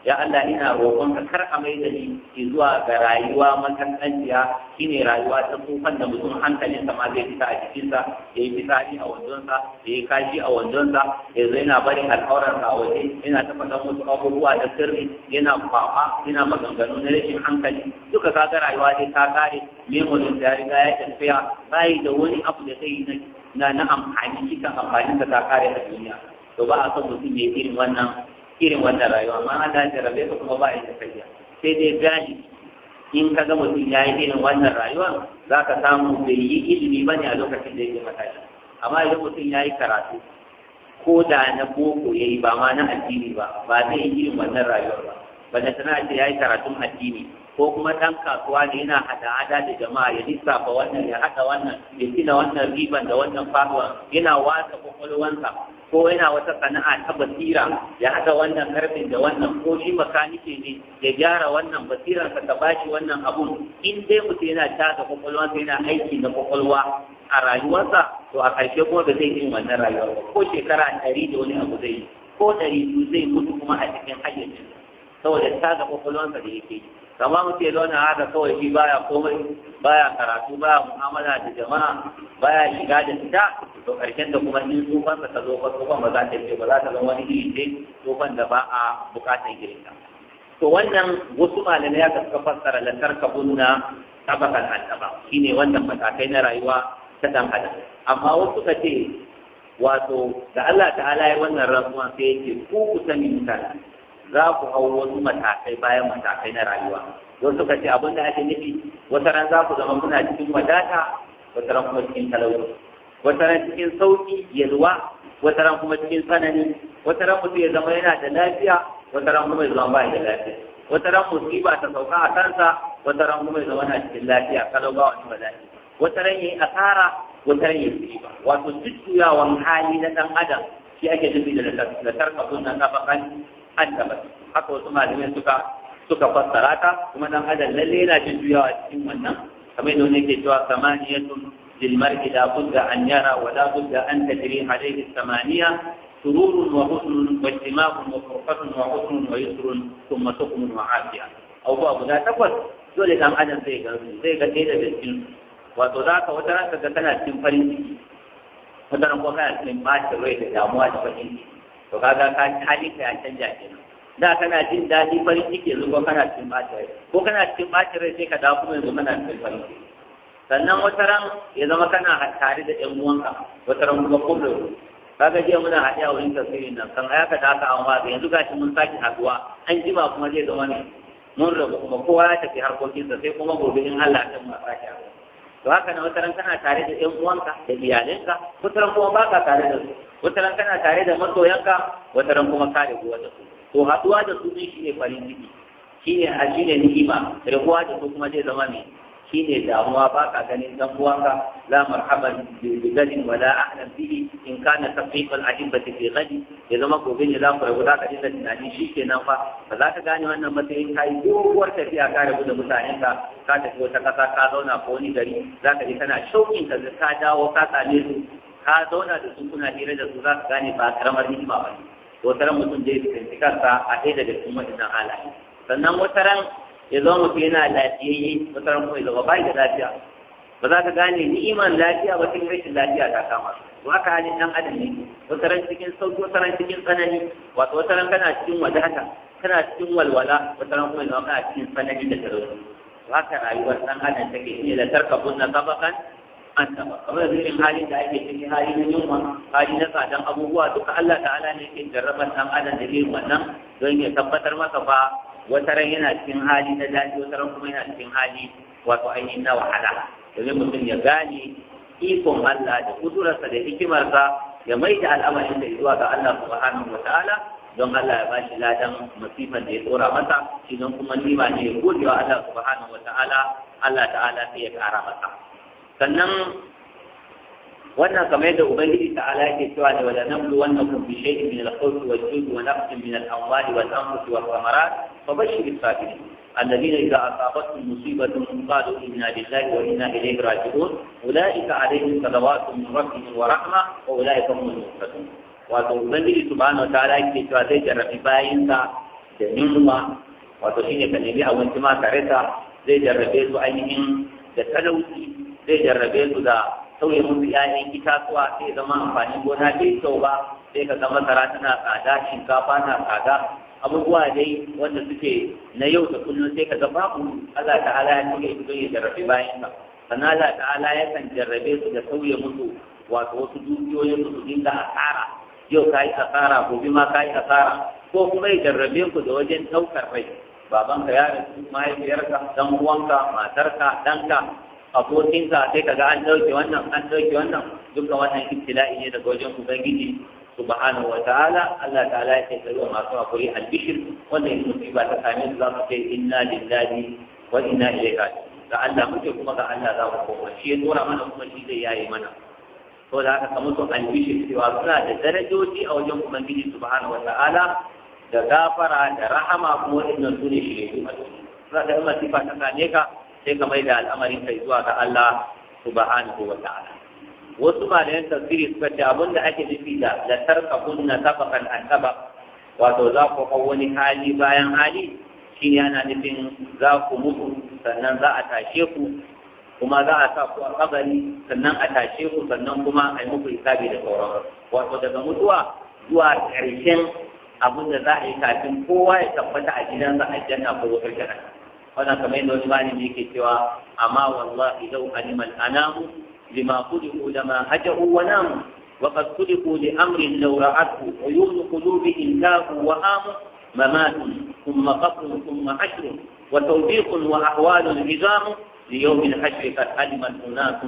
ya Allah ina ka kar a mai da ni zuwa ga rayuwa matakanciya shine rayuwa ta kufan da mutum hankalin sa zai fita a jikinsa ya yi fitsari a wandonsa ya yi kashi a wandonsa ya zo yana barin alƙawarar sa waje yana ta wasu abubuwa da sirri yana kwafa yana maganganu na rashin hankali duka kaga rayuwa dai ta kare memorin da ya riga ya tafiya bayi da wani abu da zai yi na na amfani kika amfani ta ta kare a duniya to ba a son mutum ya irin wannan irin wannan rayuwa amma da ya rabe ka kuma ba yi tafiya sai dai gani in ka ga mutum ya yi irin wannan rayuwa za ka samu bai yi ilimi ba ne a lokacin da yake matashi amma idan mutum ya yi karatu ko da na boko ya yi ba ma na addini ba ba zai yi irin wannan rayuwar ba ba da sana'a ce ya yi karatun addini ko kuma ɗan kasuwa ne yana hada-hada da jama'a ya lissafa wannan ya haɗa wannan ya tina wannan riban da wannan faruwa yana wasa kwakwalwansa ko yana wata sana'a ta basira ya haɗa wannan karfin da wannan ko shi makanike ne ya gyara wannan basiran ka bashi wannan abun in dai mutum yana taka kwakwalwa yana aiki na kwakwalwa a rayuwarsa to a ƙarshe kuma ba zai yin wannan rayuwar ko shekara ɗari da wani abu zai yi ko ɗari biyu zai mutu kuma a cikin hayyacin saboda ta ga kokolon da yake Kamar mu ce lona haka kawai shi baya komai baya karatu baya mu'amala da jama'a baya shiga da fita to karshen da kuma in da ta zo ba tsufan ba za ta ce ba za ta zama wani iri ce tsufan da ba a bukatan girka to wannan wasu malamai ya suka fassara la tarkabunna tabakan an shine wannan matakai na rayuwa ta dan adam amma wasu ka ce wato da Allah ta'ala ya wannan rantsuwa sai ce ku ku sani mutane za ku hau wasu matakai bayan matakai na rayuwa don suka ce abin da ake nufi wata ran za ku zama muna cikin wadata wata ran kuma cikin talauci wata ran cikin sauki yalwa wata ran kuma cikin tsanani wata ran mutum ya zama yana da lafiya wata ran kuma ya zama ba da lafiya wata ran musiba ta sauka a kansa wata ran kuma ya zama na cikin lafiya kalau ba wani bala'i wata ran yayi asara wata ran yayi musiba wato jujjuyawan hali na dan adam shi ake nufi da da tarkafun na kafakan annabat haka wasu malamai suka suka fassara ta kuma dan adam lalle yana jin juyawa cikin wannan kamar yadda wani ke cewa samaniyatun للمرء لا بد أن يرى ولا بد أن تجري عليه الثمانية سرور وحزن واجتماع وفرقة وعسر ويسر ثم سقم وعافية أو باب لا تقل dole dan adam zai ga zai ga ɗaya daga cikin wato za ka wata ranka ga kana cikin farin ciki wata ran kuma kana cikin ɓacin rai da damuwa da baƙin ciki to kaga ka halitta ya canja nan. da kana jin daɗi farin ciki yanzu ko kana cikin bata rai ko kana cikin bata rai sai ka dawo kuma yanzu kana cikin farin ciki sannan wata ran ya zama kana tare da ƴan uwanka wata ran kuma kullum kaga jiya muna haɗe a wurin tafiyin nan kan aya ka da aka an waga yanzu gashi mun sake haɗuwa an jima kuma zai zama ne mun rabu kuma kowa ya tafi harkokinsa sai kuma gobe in Allah ta mu sake haɗuwa to haka na wata ran kana tare da ƴan uwanka da iyalinka wata ran kuma ba ka tare da su wata ran kana tare da masoyanka wata ran kuma ka rabuwa da su to haɗuwa da su shi ne farin ciki shi ne shi ne ni'ima da su kuma zai zama mai shi ne damuwa ba ka ganin dan uwanka la marhaban bi gadin wala ahlan bihi in kana tafiq al ahibba fi gadi ya zama gobe gani za ku rabu za ka ji da tunani shi ke nan fa ba za ka gane wannan matsayin kai doguwar tafiya ka rabu da mutanen ka ka tafi wata kasa ka zauna ko wani gari za ka je kana shauƙin ka ka dawo ka same su ka zauna da su kuna hira da su za ka gane ba karamar nima ba ne wata ran mutum zai fuskanci kansa a ɗaya daga cikin waɗannan halaye sannan wata ya zama mutum yana lafiyayye wata ran kuma ya zama bai da lafiya ba za ka gane iman lafiya ba cikin rashin lafiya ta kama su haka halin ɗan adam ne wata cikin sauki wata cikin tsanani wato wata kana cikin wadata kana cikin walwala wata kuma ya zama kana cikin tsanani da talauci to haka rayuwar ɗan adam take ne la tarkabunna sabakan manta kamar da irin halin da ake ciki hali na yunwa hali na tsadan abubuwa duka Allah ta'ala ne yake jarrabar dan adam da irin wannan don ya tabbatar maka ba wata ran yana cikin hali na dadi wata ran kuma yana cikin hali wato ainihin na wahala domin mutum ya gane ikon Allah da kudurarsa da hikimarsa ya mai da al'amarin da zuwa ga Allah subhanahu wa ta'ala don Allah ya bashi ladan musifan da ya tsora masa shi don kuma nima ne ya gode wa Allah subhanahu wa ta'ala Allah ta'ala sai ya kara masa sannan wannan kamar da ubangiji ta ala yake cewa da wala namlu wannakum bi shay'in min al-khawfi wal-ju'i wa naqsin min al-amwali wal-anfusi wath-thamarat fabashshir as-sabirin الذين إذا أصابتهم مصيبة قالوا إنا لله وإنا إليه راجعون أولئك عليهم صلوات من ربهم ورحمة وأولئك هم المهتدون wato ubangiji subhanahu ta'ala yake cewa zai jarrabi bayinsa da yunwa wato shine ka nemi abinci ma tare rasa zai jarrabe su ainihin da talauci zai jarrabe su da sauye musu ‘ya'yan itatuwa sai zama amfanin gona bai kyau ba sai ka ga masara tana tsada shinkafa na tsada abubuwa dai wanda suke na yau da kullum sai ka ga babu Allah ta'ala ya sauye su don ya jarrabe bayan ka sannan Allah ta'ala ya kan jarrabe su da sauye musu wato wasu dukiyoyin su dinga asara yau ka yi asara gobe ma ka yi asara ko kuma ya jarrabe ku da wajen ɗaukar rai babanka ya rasu mahaifiyarka dan uwanka matarka danka. abokinsa sai kaga an ɗauke wannan an ɗauke wannan duka wannan ibtila'i ne daga wajen ubangiji subhanahu ta'ala Allah ta'ala ya sai wa masu hakuri albishir wannan yin musiba ta same su za mu ce inna lillahi wa inna ilaihi raji'un ga Allah muke kuma ga Allah za mu koma shi ya dora mana kuma shi zai yaye mana to da haka kamar su albishir cewa suna da darajoji a wajen ubangiji subhanahu ta'ala da gafara da rahama kuma waɗannan su ne shi ne suna da masifa ta same ka sai ka mai da al'amari kai zuwa ga Allah subhanahu wa ta'ala wasu malayan tafsiri suka ce abin da ake nufi da la tarka kunna tabaqan an tabaq wato za ku hau wani hali bayan hali shi ne ana nufin za ku mutu sannan za a tashe ku kuma za a sa ku a kabari sannan a tashe ku sannan kuma a yi muku hisabi da sauran wato daga mutuwa zuwa ƙarshen abin da za a yi kafin kowa ya tabbata a gidan za a aljanna ko wata jannah wannan kamar yadda wani malami yake cewa amma wallahi law alima al-anamu lima khuliqu lama haja'u wa namu وقد خلقوا لأمر لو رأته عيون قلوبهم لاهو وهام ممات ثم قبر ثم حشر وتوبيخ وأحوال عظام ليوم الحشر قد علم أناس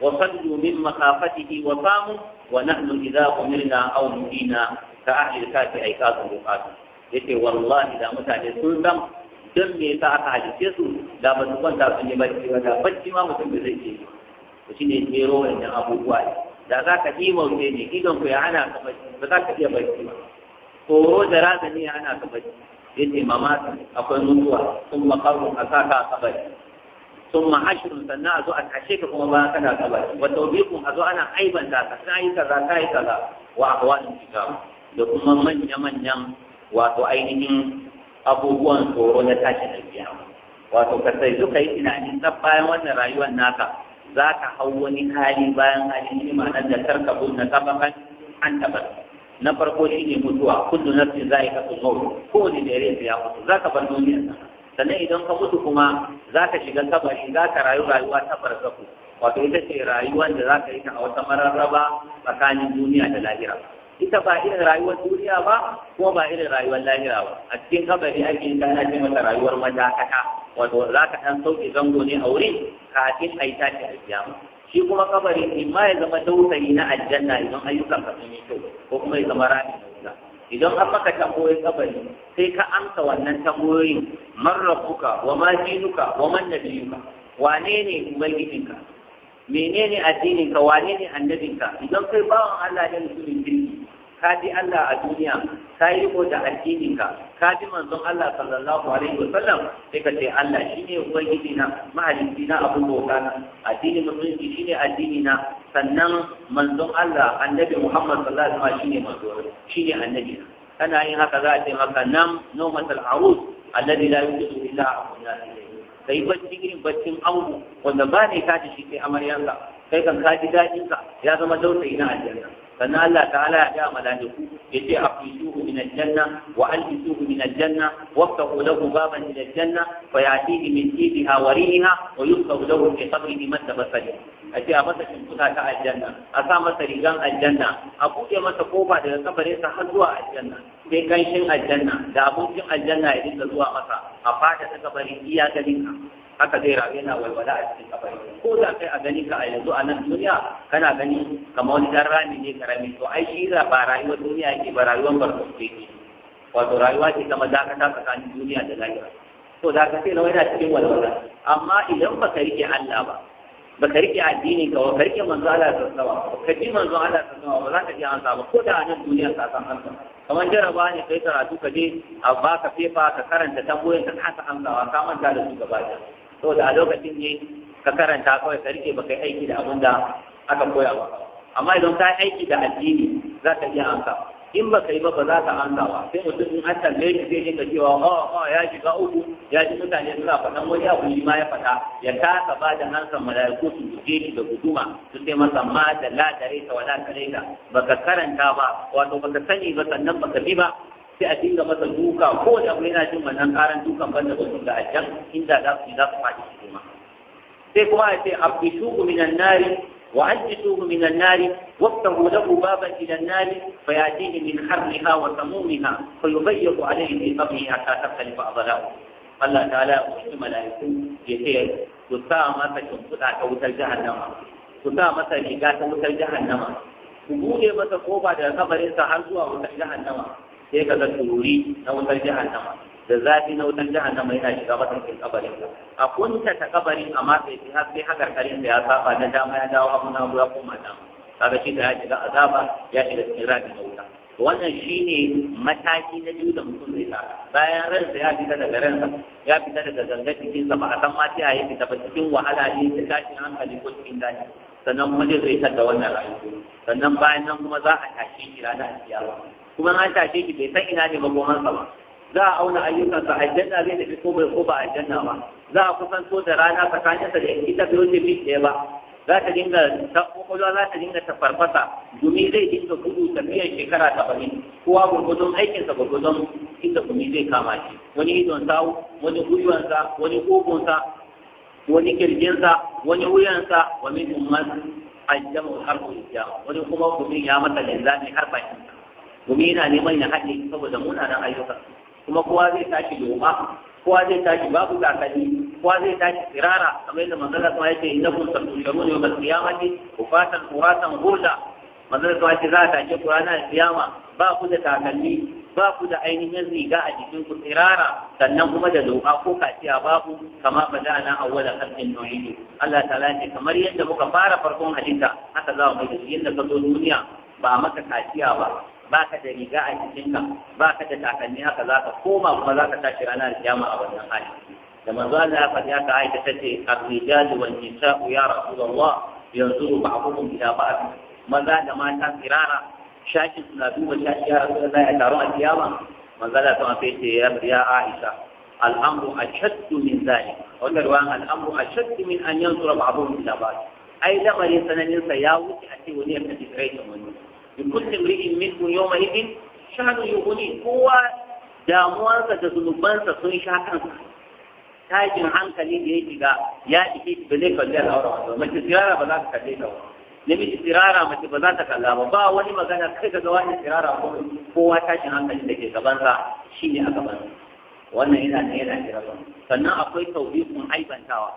وصلوا من مخافته وقاموا ونحن إذا أمرنا أو نهينا كأهل الكافي أيقاظ الرقاب يقول والله لا متعجل سلطان don me yasa aka halice su da ba su kwanta sun yi bacci ba da bacci ma mutum da zai ke to shi ne jero wannan abubuwa ne da za ka yi mauce ne idon ku ya hana ka bacci ba za ka iya bacci ba tsoro da ne ya hana ka bacci ce mamata akwai mutuwa sun makarun a sa ka kabari sun ashirin, sannan a zo a tashe ka kuma bayan kana kabari wata wabikun a zo ana aibanta ka ta yi kaza ka yi kaza wa a kawai da kuma manya-manyan wato ainihin abubuwan tsoro na tashin alkiyama wato ka sai duka yi tunani tsab bayan wannan rayuwar naka za ka hau wani hali bayan hali shi ma'anar da tarka na tabakan an tabar na farko shi ne mutuwa kullu nafsin za a yi kasu mawu kowane da yare ya mutu za ka bar duniyar nan sannan idan ka mutu kuma za ka shiga kabari za ka rayu rayuwa ta barzaku wato ita ce rayuwar da za ka yi ta a wata mararraba tsakanin duniya da lahira ita ba irin rayuwar duniya ba kuma ba irin rayuwar lahira ba a cikin kabari ake yin kana ce masa rayuwar madakata wato za ka ɗan sauke zango ne a wuri kafin a yi tashi a kiyama shi kuma kabari in ma ya zama dausayi na aljanna idan ayyukan ka sun yi kyau ko kuma ya zama rami na idan an maka tambayoyin kabari sai ka amsa wannan tambayoyin man rabbuka wa ma wa man nabiyuka wane ne ubangijinka menene addinin ka wane ne annabinka? idan kai bawan Allah ne mutumin kirki ka bi Allah a duniya ka yi ko da addininka ka ji bi manzon Allah sallallahu alaihi wa sallam sai ka ce Allah shine ubangiji na mahalicci na abin bauta na addinin musulunci shine addini na sannan manzon Allah annabi Muhammad sallallahu alaihi wa sallam shine manzo shine annabi kana yin haka za a ce maka nam nawmatul arus alladhi la yujidu illa amuna kai bacci irin baccin ango wanda ba ne tashi shi kai amaryanka kai kan ka kaji daɗin ka ya zama dausayi na aljanna sannan Allah ta'ala ya ga malaiku ce afisuhu min aljanna wa alfisuhu min aljanna waftahu lahu baban ila aljanna fa yatihi min tibiha wa riha wa yusqahu lahu fi qabrihi man tabassala ace a masa shimfuta ta aljanna a sa masa rigan aljanna a buɗe masa kofa daga kabarinsa har zuwa aljanna sai kanshin aljanna da abokin aljanna ya dinga zuwa masa a fata ta iya iyakarin ka haka zai rayu yana walwala a cikin kabari ko da kai a gani ka a yanzu a nan duniya kana gani kamar wani dan rami ne karami to ai shi ba rayuwar duniya yake ba rayuwar ce ke wato rayuwa ce kamar dakata tsakanin duniya da lahira to da ka sai na yana cikin walwala amma idan baka rike Allah ba ba ka rike addinin ka ba ka rike manzo Allah ta sama ka ji manzo Allah ta sama ba za ka ji an ba ko da nan duniya ta san an kamar jaraba ne kai karatu ka je a baka fefa ka karanta tamboyin ka kasa amsawa ka manta da su gaba da saboda a lokacin ne ka karanta kawai ka rike ba kai aiki da abin da aka koya ba amma idan ka aiki da addini za ka iya amsa in ba yi ba ba za ka ansa ba sai mutum in an tambaye shi zai dinga cewa ha oh, ha oh, ya shiga uku ya ji mutane suna faɗan wani abu shi ma ya faɗa ya taka ba da hansan mala'iku su buge shi da guduma su sai masa ma da la da reta wa la da ka karanta ba wato ba ka sani ba sannan ba ka bi ba sai a dinga masa duka ko da abu yana jin wannan karan dukan banda wasu da ajan inda za su za su faɗi su kuma sai kuma ya ce shuku minan nari وأنجسوه من النار وافتحوا له بابا إلى النار فيأتيه من حرها وسمومها فيبيض عليه في قبره حتى تختلف أضلاعه الله تعالى لا يكون يسير كسامة شمسنا كوتر جهنم كسامة ريقا كوتر جهنم كبوله متقوبة لكبر إنسا حرزوا وتر جهنم هيك ذا الشروري نوتر جهنم da zafi na wutan jahannama yana shiga matakin kabarin a kunta ta kabarin a matsayi sai har sai karin da ya saba na dama ya dawo abu na ya koma dama kaga shi da ya shiga azaba ya shiga cikin rafi na wuta wannan shine mataki na biyu da mutum zai sa bayan ransa ya fita daga ransa ya fita daga gangar jikinsa ba a san ma ta yi fita ba cikin wahala ne ta tashin hankali ko cikin dani sannan kuma zai zai da wannan rayuwa sannan bayan nan kuma za a tashe shi ranar kiyama kuma an tashe shi bai san ina ne ba ko hansa ba za a auna ayyukansa aljanna zai tafi ko bai ko ba aljanna ba za a kusanto da rana tsakaninsa da ita bai wuce fit ɗaya ba za ta dinga ta kokolwa za ta dinga ta farfasa gumi zai dinga gudu tafiyar shekara ta saba'in kowa gurgudun aikinsa gurgudun inda gumi zai kama shi wani idon sawu wani gwiwansa wani kogonsa wani kirjinsa wani wuyansa wa min umman aljamu har kuyya wani kuma gumi ya masa linzami har bakin gumi yana neman ya haɗe saboda munanan ayyuka kuma kowa zai tashi doma kowa zai tashi babu takalmi kowa zai tashi tsirara kamar yadda manzon Allah ya ce innakum satusharun yawmal qiyamati ufatan uratan kuratan manzon Allah kuma ce za a tashi ku ranar kiyama ba ku da takalmi ba ku da ainihin riga a jikin ku tsirara sannan kuma da doka ko kaciya babu kama badana awwala khalqin nu'idu Allah ta'ala ce kamar yadda muka fara farkon halitta haka za mu yi yadda ka zo duniya ba maka kaciya ba ba ka da riga a jikinka ba ka da takalmi haka za ka koma kuma za ka tashi ranar kiyama a wannan hali da manzo Allah ya faɗi haka aisha tace ar-rijal wal nisa'u ya rasulullah yanzuru ba'dukum ila ba'd maza da mata tsirara shakin suna duba shakin ya rasulullah ya taron a kiyama manzo Allah ta ce ya ya aisha al-amru ashaddu min zalik wannan ruwan al-amru ashaddu min an yanzura ba'dukum ila ba'd ai lamarin sananin sa ya wuce a ce wani ya kace kai wani kullum لكل امرئ منهم shanu شأن huni, kowa damuwarsa da zunubansa sun sha kansa tajin hankali da ya shiga ya ishe ba zai kalli al'aura ba mace tsirara ba za ka kalli ta ba namiji tsirara mace ba za ta kalla ba ba wani magana kai ga wani tsirara ko kowa tashin hankali da ke gabansa ne a gaban wannan yana ne yana kira sannan akwai tauhidin aibantawa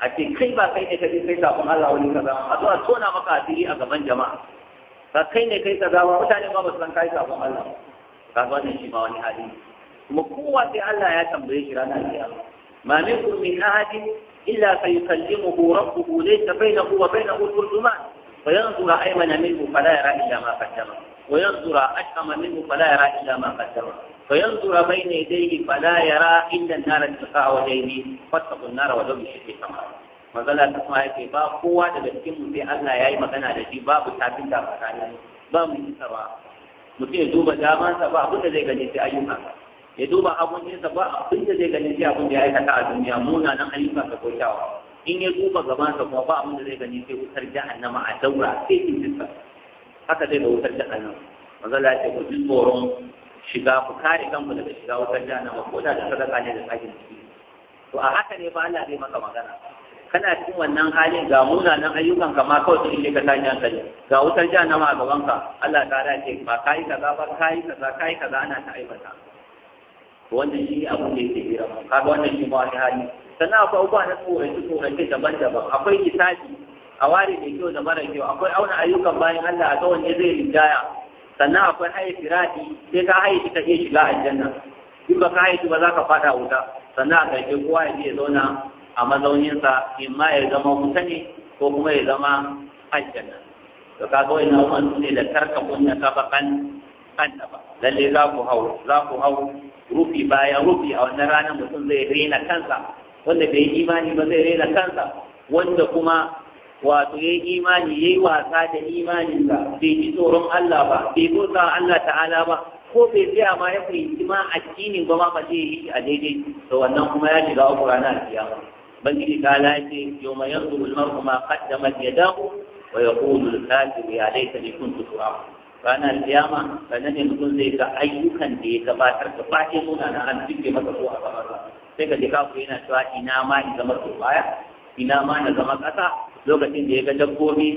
a ce kai ba kai ne kaje kai sabon Allah wani kaza a zo a tona maka asiri a gaban jama'a فكين كيف دعوة وشاني ما بس لنكاي سوا الله فما نشي ما مقوة الله يا تمريش رانا ما منكم من أحد إلا فيكلمه ربه ليس بينه وبينه ترجمان فينظر أيمن منه فلا يرى إلا ما قدمه وينظر أشأم منه فلا يرى إلا ما قدمه فينظر بين يديه فلا يرى إلا النار التقاء وجيبه فاتقوا النار ولو بشكل كمال magana ta kuma yake ba kowa daga cikin mu sai Allah ya yi magana da shi babu tafin da tsakanin ba mu isa ba mutum ya duba damansa ba abin da zai gani sai ayyuka ya duba abincinsa ba abin da zai gani sai abin da ya aikata a duniya munanan ayyuka ka ko kyawa in ya duba gabansa kuma ba abin da zai gani sai wutar jahannama a daura sai kintinsa haka zai da wutar jahannama magana ce ku ji tsoron shiga ku kare kanku daga shiga wutar jahannama ko da da sadaka ne da tsakin ciki to a haka ne fa Allah zai maka magana kana cikin wannan halin ga munanan ayyukan ka ma kawai sun ka tashi hankali ga wutar jahannama a gaban ka Allah ta ce ba kai kaza ba kai kaza kai kaza ana ta aibata wannan shi abun da yake jira kaga wannan shi ba wani hali sannan akwai abubuwa na tsoranci tsoranci daban-daban akwai kitabi a ware mai kyau da mara kyau akwai auna ayyukan bayan Allah a tsawon wanne zai rinjaya sannan akwai haye firadi sai ka haye ka iya shiga aljanna duk ba ka haye ba za ka fada wuta sannan a ƙarshe kowa ya ya zauna a mazauninsa ma ya zama wuta ne ko kuma ya zama aljanna to kaga wannan wani ne da tarka kunna ba kan ba lalle za ku hau za ku hau rufi bayan rufi a wannan ranar mutum zai rena kansa wanda bai yi imani ba zai rena kansa wanda kuma wato ya imani yayi wasa da imaninsa bai ji tsoron Allah ba bai bauta Allah ta'ala ba ko bai tsaya ma ya fahimci ma addinin ba ma ba zai yi a daidai to wannan kuma ya shiga uku ranar kiyama ubangiji ta lafi yau yanzu ulmar kuma kaddamat ya dahu wa ya kulu kafir ya laita ne kun tutuwa ranar kiyama sannan ne mutum zai ga ayyukan da ya gabatar da fashe suna na an jibge masa ko a gabansa sai ka ji kafu yana cewa ina ma in zama turbaya ina ma na zama ƙasa lokacin da ya ga dabbobi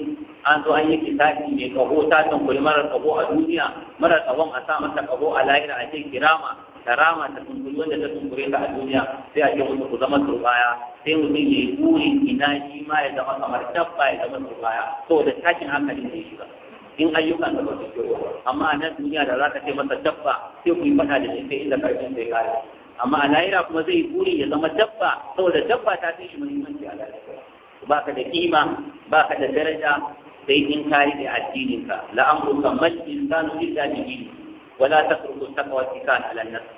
an zo an yi kitabi mai kaho ta tankuri marar kaho a duniya marar kahon a sa mata kaho a lahira a kai kirama karama ta tumburi wanda ta tumbure ta a duniya sai a ce musu ku zama turbaya sai mutum ya yi buri ina shi ma ya zama kamar dabba ya zama turbaya saboda tashin hankali ne ya shiga in ayyukan da ba su kyau amma a nan duniya da za ka ce masa dabba sai ku yi fata da shi sai inda karfin sai kare amma a lahira kuma zai yi buri ya zama dabba saboda dabba ta fi shi muhimmanci a lahira ba ka da kima ba ka da daraja sai in kare da addininka la'amruka mal insanu illa bi wala tasruku taqwa tikan ala nafs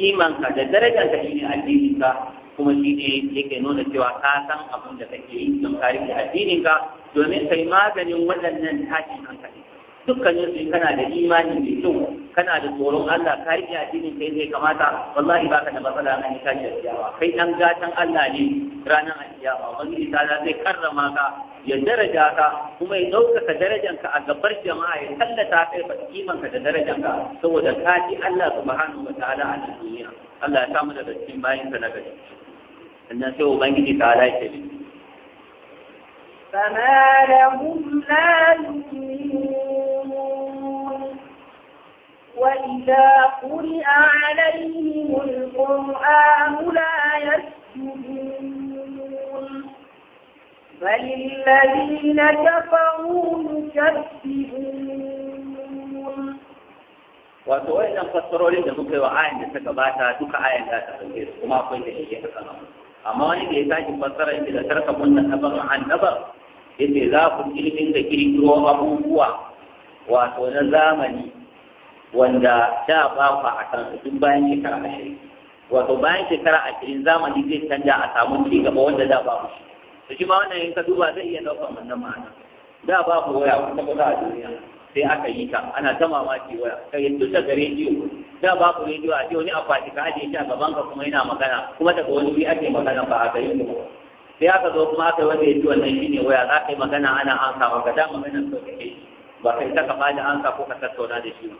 iman ka da darajar ka shine addinin ka kuma shi ne yake nuna cewa ka san abin da kake yi don kare addinin ka domin kai maganin waɗannan tashin hankali dukkanin su kana da imani mai kyau kana da tsoron Allah ka riƙe addinin kai zai kamata wallahi baka da matsala na ka ji kai dan gatan Allah ne ranar yawa. wani ta zai karrama ka ya daraja ka kuma ya ɗaukaka ka a gabar jama'a ya tallata kai ba ka da darajanka saboda ka ji Allah subhanahu wa ta'ala a duniya Allah ya samu daga cikin ka na gari sannan sai ubangiji ta ala ya فما لهم لا يؤمنون وإذا قرئ عليهم القرآن لا يسجدون بل الذين كفروا يكذبون wato wayannan fassarorin da muka yi wa ayan da ta gabata duka ayan da ta sauke su kuma akwai da shi ya kasa amma wani da ya tashi fassara inda da tarka munna nabar an nabar yace za ku ilimin da kirkiro abubuwa wato na zamani wanda da ba ku a kan duk bayan shekara ashirin wato bayan shekara ashirin zamani zai canja a samu ci gaba wanda da ba ku shi to shi ma wannan in ka duba zai iya ɗaukar wannan ma'ana da ba ku waya kusa za a duniya sai aka yi ta ana ta mamaki waya kai duk daga rediyo da ba ku rediyo a ce wani akwati ka ajiye shi a gaban ka kuma yana magana kuma daga wani wuri ake magana ba a ne ba sai aka zo kuma aka wanda ya ji wannan shine waya za ka yi magana ana ansa wa ga dama magana sau kake ba kai ta ka ba da ansa ko ka tattauna da shi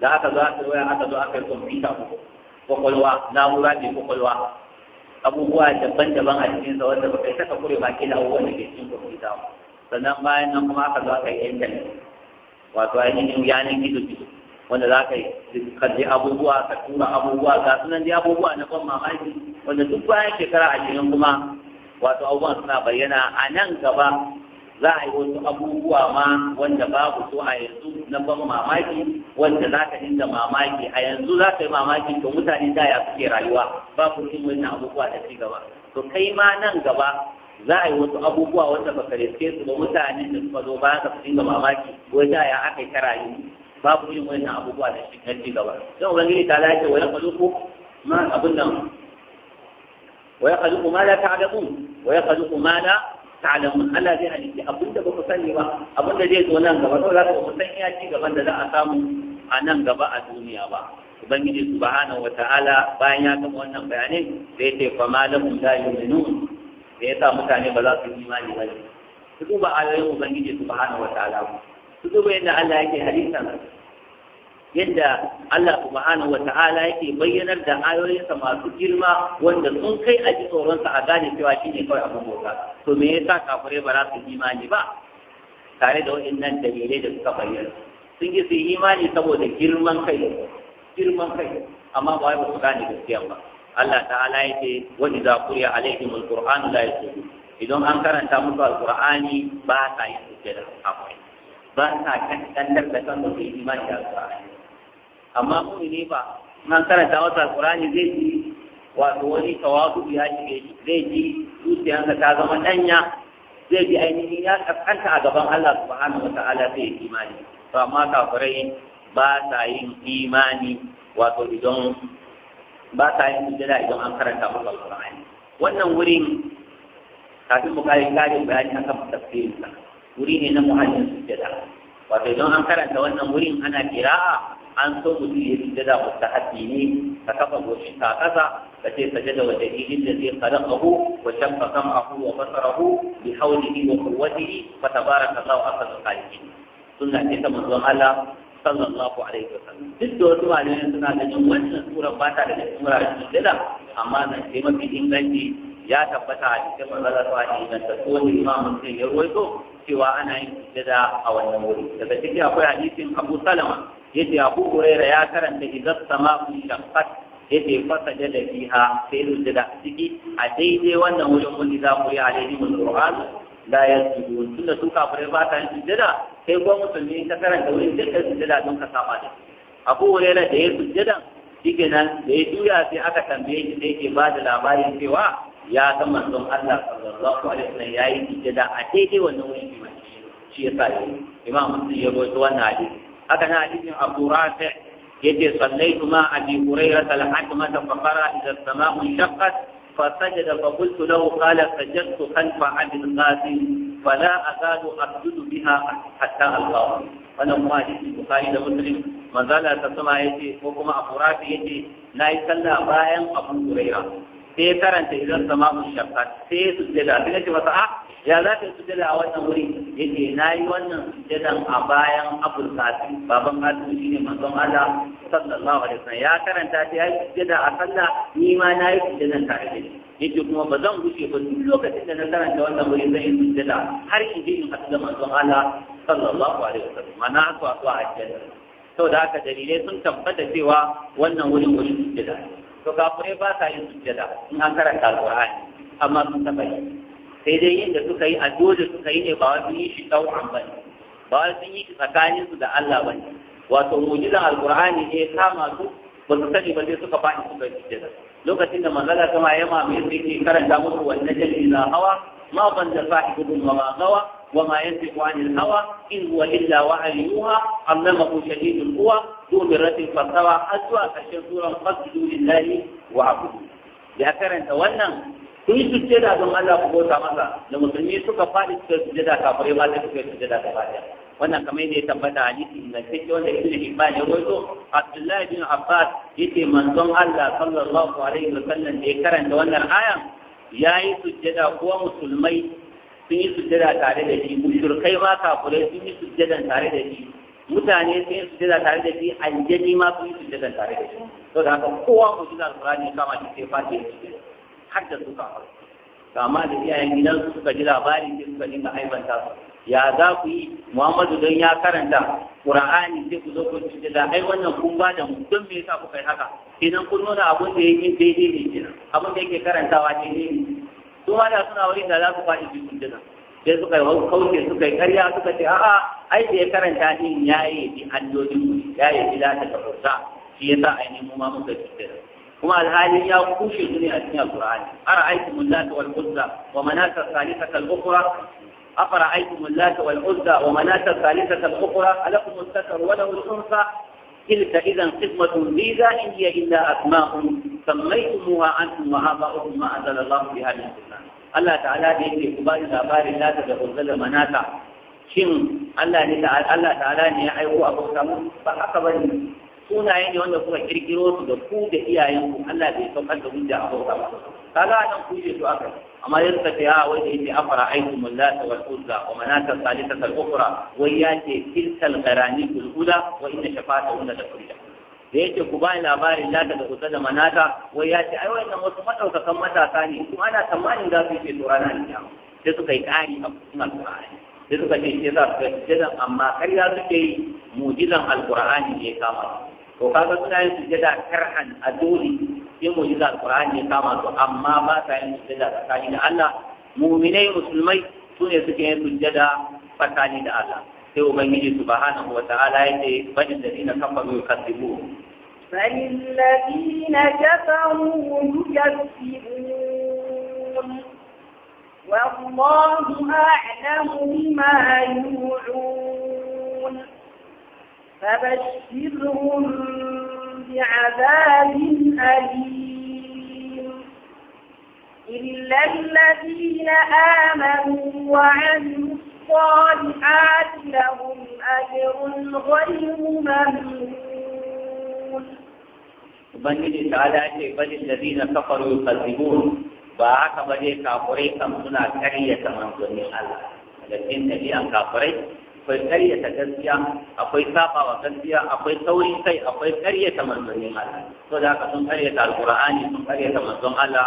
da aka zo aka waya aka zo aka yi kwamfuta ko kwakwalwa na'ura ne kwakwalwa abubuwa daban-daban a cikin sa wanda ba kai ta ka kure ba ke da abubuwan da ke cikin kwamfuta sannan bayan nan kuma aka zo aka yi intanet wato ainihin yanar gizo-gizo wanda za ka yi kalli abubuwa ka tura abubuwa ga sunan dai abubuwa na ban mamaki wanda duk bayan shekara ashirin kuma wato abubuwan suna bayyana a nan gaba za a yi wasu abubuwa ma wanda babu su a yanzu na ban mamaki wanda za ka dinga mamaki a yanzu za ka yi mamaki to mutane da ya suke rayuwa babu yi wannan abubuwa da ci gaba to kai ma nan gaba za a yi wasu abubuwa wanda ba ka riske su ba mutane da suka zo ba za su dinga mamaki wai da ya aka yi ta rayu babu yi wannan abubuwa da shi na ci gaba don ubangiji ta lafiya wani ya ko ma abin nan wa ya kalu ma la ta'lamun wa ya kalu ma la zai halitta abinda ba ku sani ba abinda zai zo nan gaba saboda ba ku san iya ci gaban da za a samu a nan gaba a duniya ba ubangiji subhanahu wataala bayan ya gama wannan bayanai sai ce fa malakum la yu'minun da ya sa mutane ba za su yi imani ba su duba ayoyin ubangiji subhanahu ba. su duba yadda Allah yake halittar yadda Allah subhanahu wata'ala yake bayyanar da ayoyinsa masu girma wanda sun kai a ji tsoronsa a gane cewa shi ne kawai abin bauta to me yasa kafirai ba za su imani ba tare da waɗannan dalilai da suka bayyana sun yi su imani saboda girman kai girman kai amma ba ba su gane gaskiya ba Allah ta'ala yake wa idza quriya alaihim alqur'anu la yasjudun idan an karanta musu alqur'ani ba sa yin sujada ba sa kankan da kansu su imani da alqur'ani amma ne ba an karanta wasu alqur'ani zai ji wato wani tawafu ya shige zai ji zuciyarsa ta zama danya zai ji ainihin ya kaskanta a gaban Allah subhanahu wataala zai yi imani to amma kafirai ba sa yin imani wato idan ba sa yin hujjala idan an karanta masa alqur'ani wannan wurin kafin mu kare kare bayani akan tafsirin sa wuri ne na muhallin sujjada wato idan an karanta wannan wurin ana kira'a an so mutum ya sujada mustahabbi ne ka kafa goshin ka kasa ka ce sajada wa dalilin da zai khalaqahu wa shabba sam'ahu wa basarahu bi hawlihi wa quwwatihi fa tabaraka Allahu ahsanul khaliqin sunna ce ta manzon Allah sallallahu alaihi wa sallam. duk da wasu malamai suna ganin wannan surar ba ta daga cikin wuraren sujada amma zan ce mafi inganci ya tabbata a cikin manzon Allah inganta ko ne imam muslim ya ruwaito cewa ana yin sujada a wannan wuri daga ciki akwai hadisin Abu Salama yace Abu Hurairah ya karanta idan sama'u shaqqat yace fasa da fiha sai da ciki a daidai wannan wurin mun za mu yi alaihi min qur'an la yasjudun tunda su kafirai ba ta yin sujjada sai ko musulmi ta karanta wurin da da don ka saba da Abu Hurairah da ya sujjada shike nan da ya juya sai aka tambaye shi sai ke ba da labarin cewa ya san manzon Allah sallallahu alaihi wasallam yayi sujjada a daidai wannan wurin shi yasa imam muslim ya rawaito wannan hadisi haka na hadisin abu rafi yace sallaitu ma abi hurairah al-hadmata fa qara idza as-sama'u shaqqat فسجد فقلت له قال abin خلف عبد a فلا أزال أسجد بها حتى ألقاه wannan kuma hadisi bukari da muslim manzala ta ya ce, ko kuma a furafi yace nayi sallah bayan abu huraira sai karanta idan sama mu shakka sai su jada sai ce masa a ah, ya za ka su jada a wannan wuri yace na yi wannan sujadan a bayan abul qasim baban qasim ne manzon Allah sallallahu alaihi wasallam ya karanta ta ya yi sujada a sallah ni ma na yi sujadan tare da shi yace kuma ba zan wuce ba duk lokacin da na karanta wannan wuri zan yi sujada har in je in haɗu da manzon Allah sallallahu alaihi wasallam mana ku a aljanna saboda haka dalilai sun tabbata cewa wannan wurin wurin sujada ne to kafirai ba sa yin sujjada in an karanta alqur'ani amma sun taɓa yi sai dai yadda suka yi a dole suka yi ne ba wa sun yi shi ɗaukan ba ne ba wa sun yi shi tsakanin su da Allah ba ne wato mujizan alqur'ani ne kama su ba su sani ba sai suka ni suka yi sujjada lokacin da manzala kama ya mamaye sai ke karanta musu wannan jalila hawa ma ban da sahibu ma ma gawa وما ينطق عن الهوى إن هو إلا وحي يوحى علمه شديد القوى ذو مرة فاستوى أسوأ كشف فاسجدوا لله واعبدوا ya karanta wannan sun yi sujjada don Allah ku bauta masa da musulmi suka faɗi suka sujjada kafirai ma sai suka yi sujjada gaba ɗaya wannan kamar yadda ya tabbata hadisi na cikin wanda ibnu ya rawaito abdullahi bin abbas yace manzon Allah sallallahu alaihi wa sallam da ya karanta wannan ayan yayi sujjada kuwa musulmai sun yi sujjada tare da shi mushrikai ma kafirai sun yi sujjadan tare da shi mutane sun yi sujjada tare da shi anjani ma sun yi sujjadan tare da shi to da haka kowa mu ji alqur'ani kama shi sai fati har da su kafurai kama da iyayen gidan suka ji labari sai suka dinga aibanta su ya za ku yi Muhammadu don ya karanta Qur'ani sai ku zo ku sujjada ai wannan kun ba da mu don me yasa ku kai haka idan kun nuna abin da yake daidai ne kenan abin da yake karantawa daidai ne su ma da suna wurin da za su faɗi jikin jina sai suka yi kauce suka yi karya suka ce a'a ai da ya karanta din ya yi bi allolin ya yi bi lata da kusa shi yasa ai ne mu ma muka ji kuma alhali ya kushe su ne a cikin alqur'ani ara aikum lata wal uzza wa manata thalithata al ukhra أفرأيتم اللات والعزى ومناة الثالثة الأخرى ألكم الذكر وله الأنثى تلك إذا قسمة لي لا هي إلا أسماء سميتموها أنتم وآباؤكم ما أنزل الله بها من سلطان الله تعالى بإذن كبار الآبار لا تدعو الظلم ناسا شن الله تعالى الله تعالى يا أيها الأخوة فحق بني سونا يعني وانا يكون كيركيروس دكو دكيا يعني الله بيتوقع دكو دكو دكو دكو kaga nan kuje su aka amma yin ta ya wai wani yake afara aiki mullata wal uzza wa manata salisa ta ukhra wai ya yake tilkal garani al ula wa shafa ta wanda da furida da yake ku bani labarin lata da kusa da manata wai ya ce ai wannan wasu madaukakan matasa ne kuma ana tsammanin za su yi ce rana ne sai suka yi ƙari a cikin alƙur'ani sai suka ce sai za su yi jidan amma karya suke yi mujizan alƙur'ani ne kama to kaga suna yin sujada karhan a dole sai mu'jiza alqur'ani ya kama su amma ba sa yin sujjada tsakani da Allah mu'minai musulmai su ne suke yin sujjada tsakani da Allah sai ubangiji subhanahu wa ta'ala yace bani da dina kafaru yukadzibu فالذين كفروا يكذبون والله أعلم بما يوعون فبشرهم عذاب أليم إلا الذين آمنوا وعملوا الصالحات لهم أجر غير ممنون ومن يجد على بل الذين كفروا يكذبون وعاقب لي كافرين كم سنة كرية من سنة الله لكن لي أن كافرين akwai karyata gaskiya akwai sabawa gaskiya akwai saurin kai akwai karyata manzonin Allah to da haka sun karyata alqur'ani sun karyata manzon Allah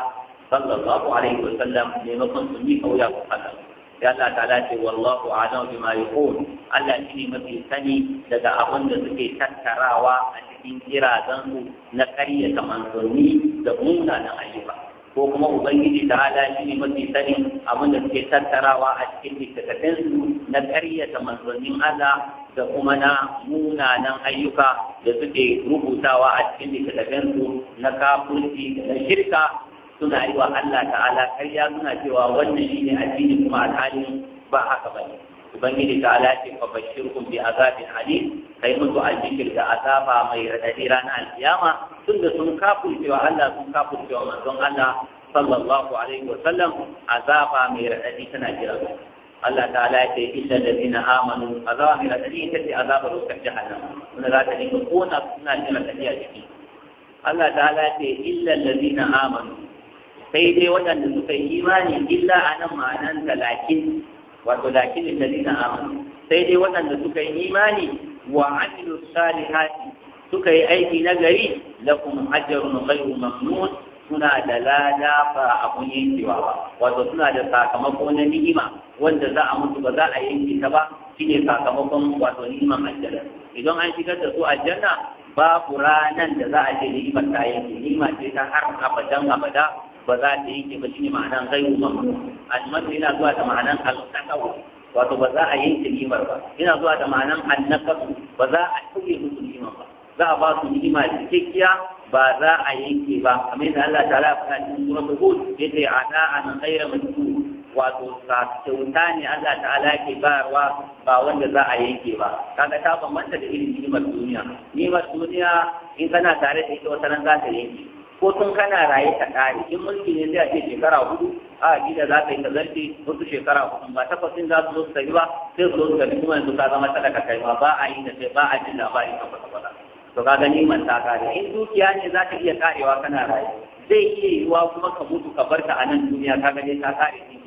sallallahu alaihi wa sallam ne makon sun yi kauya ku Allah ya Allah ta'ala ce wallahu a'lamu bima yaqul Allah ne mafi sani daga abin da suke tattarawa a cikin kirazan na karyata manzoni da munanan ayyuka ko kuma ubangiji ta ala shi ne mafi sanin abin da suke tattarawa a cikin littattafansu na ƙaryata manzonin Allah da kuma na munanan ayyuka da suke rubutawa a cikin na kafurci na shirka suna yi wa Allah ta'ala karya suna cewa wannan shi ne addini kuma alhalin ba haka ba ne ubangiji ta alaƙi fa bashirkum bi azabin alim kai mutu aljikir da azaba mai raɗaɗi ranar alkiyama tun da sun kafurce wa Allah sun kafurce wa manzon Allah sallallahu alaihi wa sallam azaba mai raɗaɗi tana jira Allah ta ya ce illa ladina amanu azaba mai radadi ita ce azaba rukar jahannam wanda za ta dinga kona suna jira radadi a jiki Allah ta ya ce illa ladina amanu sai dai waɗanda suka yi imani illa anan ma'anan talakin wato lakin ladina amanu sai dai waɗanda suka yi imani wa amilu salihati suka yi aiki na gari lakum ajrun ghayru mamnun suna da lada a abun wato suna da sakamako na ni'ima wanda za a mutu ba za a yanki ta ba shine sakamakon wato ni'iman aljanna idan an shigar da su aljanna babu ranan da za a ce ni'imar ta yanke ni'ima ce ta har abadan abada ba za ta yanke ba shine ma'anan gairu ba almasu yana zuwa da ma'anan alƙasau wato ba za a yanke nimar ba yana zuwa da ma'anan annakasu ba za a tauye musu nimar ba za a ba su nima cikakkiya ba za a yanke ba kamar yadda Allah ta'ala ya faɗa cikin suratul hud yace ada an ghayra majnun wato sa kyauta ne Allah ta'ala ke bayarwa ba wanda za a yanke ba kaga ta bambanta da irin ni'imar duniya ni'imar duniya in kana tare da ita wata nan za ta yanke ko tun kana raye ta ƙare in mulki ne zai ce shekara hudu a gida za ka yi ta zarce wasu shekara hudu ba tabbatin za su zo su tafi ba sai su zo su tafi kuma yanzu ka zama sadaka kai ma ba a yi da sai ba a jin labari ka kwata kwata to ka gani man ta kare. in dukiya ne za ka iya ƙarewa kana raye zai iya yiwuwa kuma ka mutu ka bar ta a nan duniya ka gani ta ƙare ne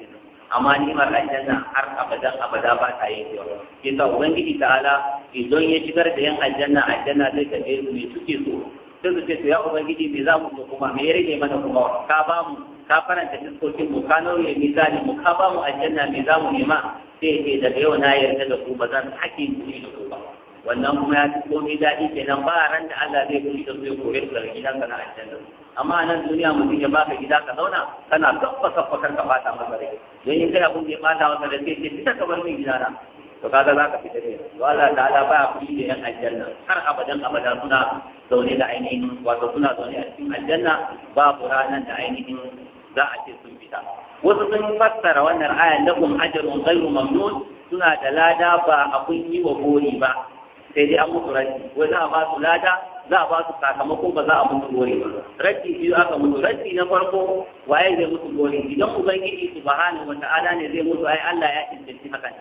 amma nimar aljanna har abadan abada ba ta yi kyau yasa ubangiji ta'ala idan ya shigar da yan aljanna aljanna zai tafi ne suke so sai su ce to ya ubangiji me za mu kuma me ya rage mana kuma ka ba mu ka faranta fiskokin mu ka nauye misalin mu ka ba mu aljanna me za mu nema sai ce daga yau na yarda da ku ba zan mu ne da ku ba wannan kuma ya fi komai daɗi kenan ba ran da Allah zai kuɗi da zai kore su daga gidanka na aljanna amma nan duniya mutum ya baka gida ka zauna kana kaffa kaffa ka fata masa rai don kai abin da ya fata masa rai sai ce fita kamar min gidana to kaga za ka fita ne to Allah ta'ala ba kuri da yan aljanna har abadan abada suna zaune da ainihin wato suna zaune a cikin aljanna ba babu ranar da ainihin za a ce sun fita wasu sun fassara wannan ayan lakum ajrun ghairu mamnun suna da lada ba abun yi wa gori ba sai dai an musu rashi wai za a ba su lada za a ba su sakamako ba za a mutu gore ba raddi biyu aka mutu raddi na farko waye zai mutu gore idan ubangiji subhanahu wata'ala ne zai mutu ai Allah ya tantance hakan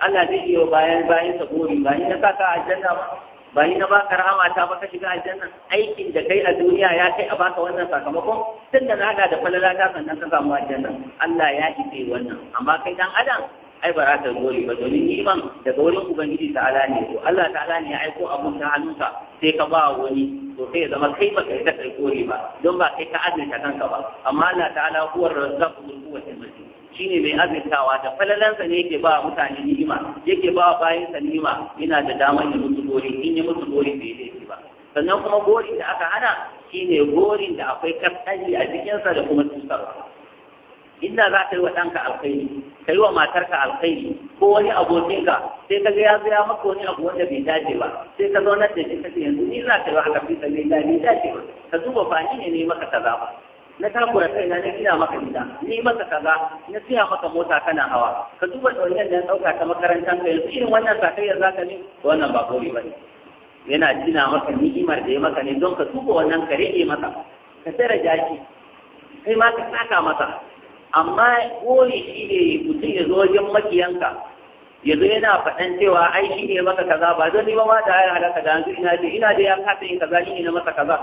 Allah zai iya bayan bayan sa gori ba na saka aljanna ba ba na baka rahama ta ba ka shiga aljanna aikin da kai a duniya ya kai a baka wannan sakamakon tun da na hada da falala ta sannan ka samu aljanna Allah ya ife wannan amma kai dan adam ai ba za ta gori ba domin niman daga wurin ubangiji ta'ala ne to Allah ta'ala ne ya aiko abun ta hannunka sai ka ba wani to sai ya zama kai ba kai ta kai gori ba don ba kai ka azurta kanka ba amma Allah ta'ala huwa razzaqul quwwatul matin Shi ne mai azurtawa da falalansa ne yake ba mutane ni'ima yake ba wa bayansa ni'ima yana da damar ya musu gori in ya musu gori bai laifi ba sannan kuma gori da aka hana shi ne gorin da akwai kaskanci a jikinsa da kuma cutarwa inda za ka yi wa ɗanka alkhairi ka yi wa matarka alkhairi ko wani abokinka sai ka ga ya zo ya maka wani abu wanda bai dace ba sai ka zaunar da shi ka ce yanzu ni za ka yi wa fi sai bai dace ba ka duba ba ni ne maka kaza ba na takura kaina na gina maka gida ni maka kaza na siya maka mota kana hawa ka duba ɗauyen da dauka ta makarantar ka yanzu irin wannan sakayyar za ka ne wannan ba kori ba yana gina maka ni'imar da ya maka ne don ka tuba wannan ka rage maka ka tsara jaki kai ma ka saka maka amma kore shi ne mutum ya zo wajen makiyanka yanzu yana faɗan cewa aiki shi ne maka kaza ba zan yi ba ma da ya halaka da yanzu ina da ina da ya kasa yin kaza ni ne na masa kaza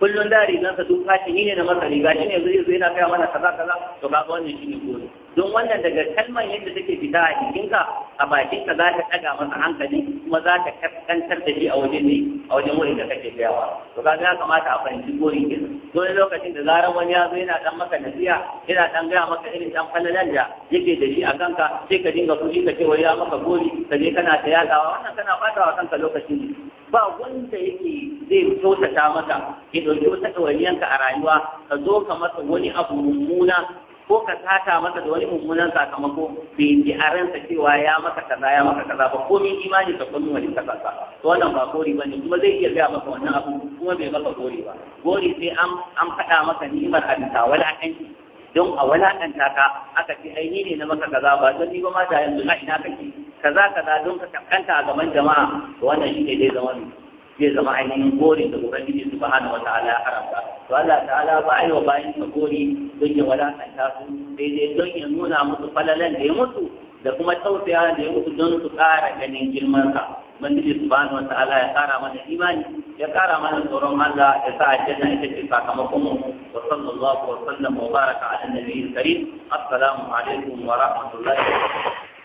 kullum da rigansa duk ni ne na masa riga shi ne zai yana kai mana kaza kaza to kaga wannan shine gori don wannan daga kalmar yadda take fita a jikinka a bakinka za ta ɗaga masa hankali kuma za ta kaskantar da shi a wajen ne a wajen wurin da kake tsayawa to kaga ya kamata a fahimci gorin kenan dole lokacin da zarar wani ya zo yana dan maka nasiya yana dan gaya maka irin dan falalan da yake da shi a kanka sai ka dinga kuɗi ka ce wai ya maka gori ka je kana ta yaɗawa wannan kana ɓata wa kanka lokacin ba wanda yake zai kyautata maka ya ɗauki wata ɗawainiyanka a rayuwa ka zo ka masa wani abu mummuna ko ka sata masa da wani mummunan sakamako bai ji a ransa cewa ya maka kaza ya maka kaza ba komai imani ka kullu wani kaza ba to wannan ba gori ba kuma zai iya ga maka wannan abu kuma bai maka gori ba gori sai an an faɗa maka ni'imar abinta walakanci don a walakanta ka aka ce ai ni ne na maka kaza ba don ni ba ma da yanzu na ina kake kaza kaza don ka kankanta a gaban jama'a to wannan shi ne zai zama zai zama ainihin gori da ubangiji subhanahu wa ta'ala ya haramta to Allah ta'ala ba ai wa bayan ka gori don ya wadanta su daidai don ya nuna musu falalan da ya mutu da kuma tausaya da ya mutu don su ƙara ganin girman sa ba subhanahu wa ta'ala ya ƙara mana imani ya ƙara mana tsoron Allah ya sa aljanna ita ce sakamakon mu wa sallallahu wa sallam wa baraka ala nabiyil karim assalamu alaikum wa rahmatullahi wa barakatuh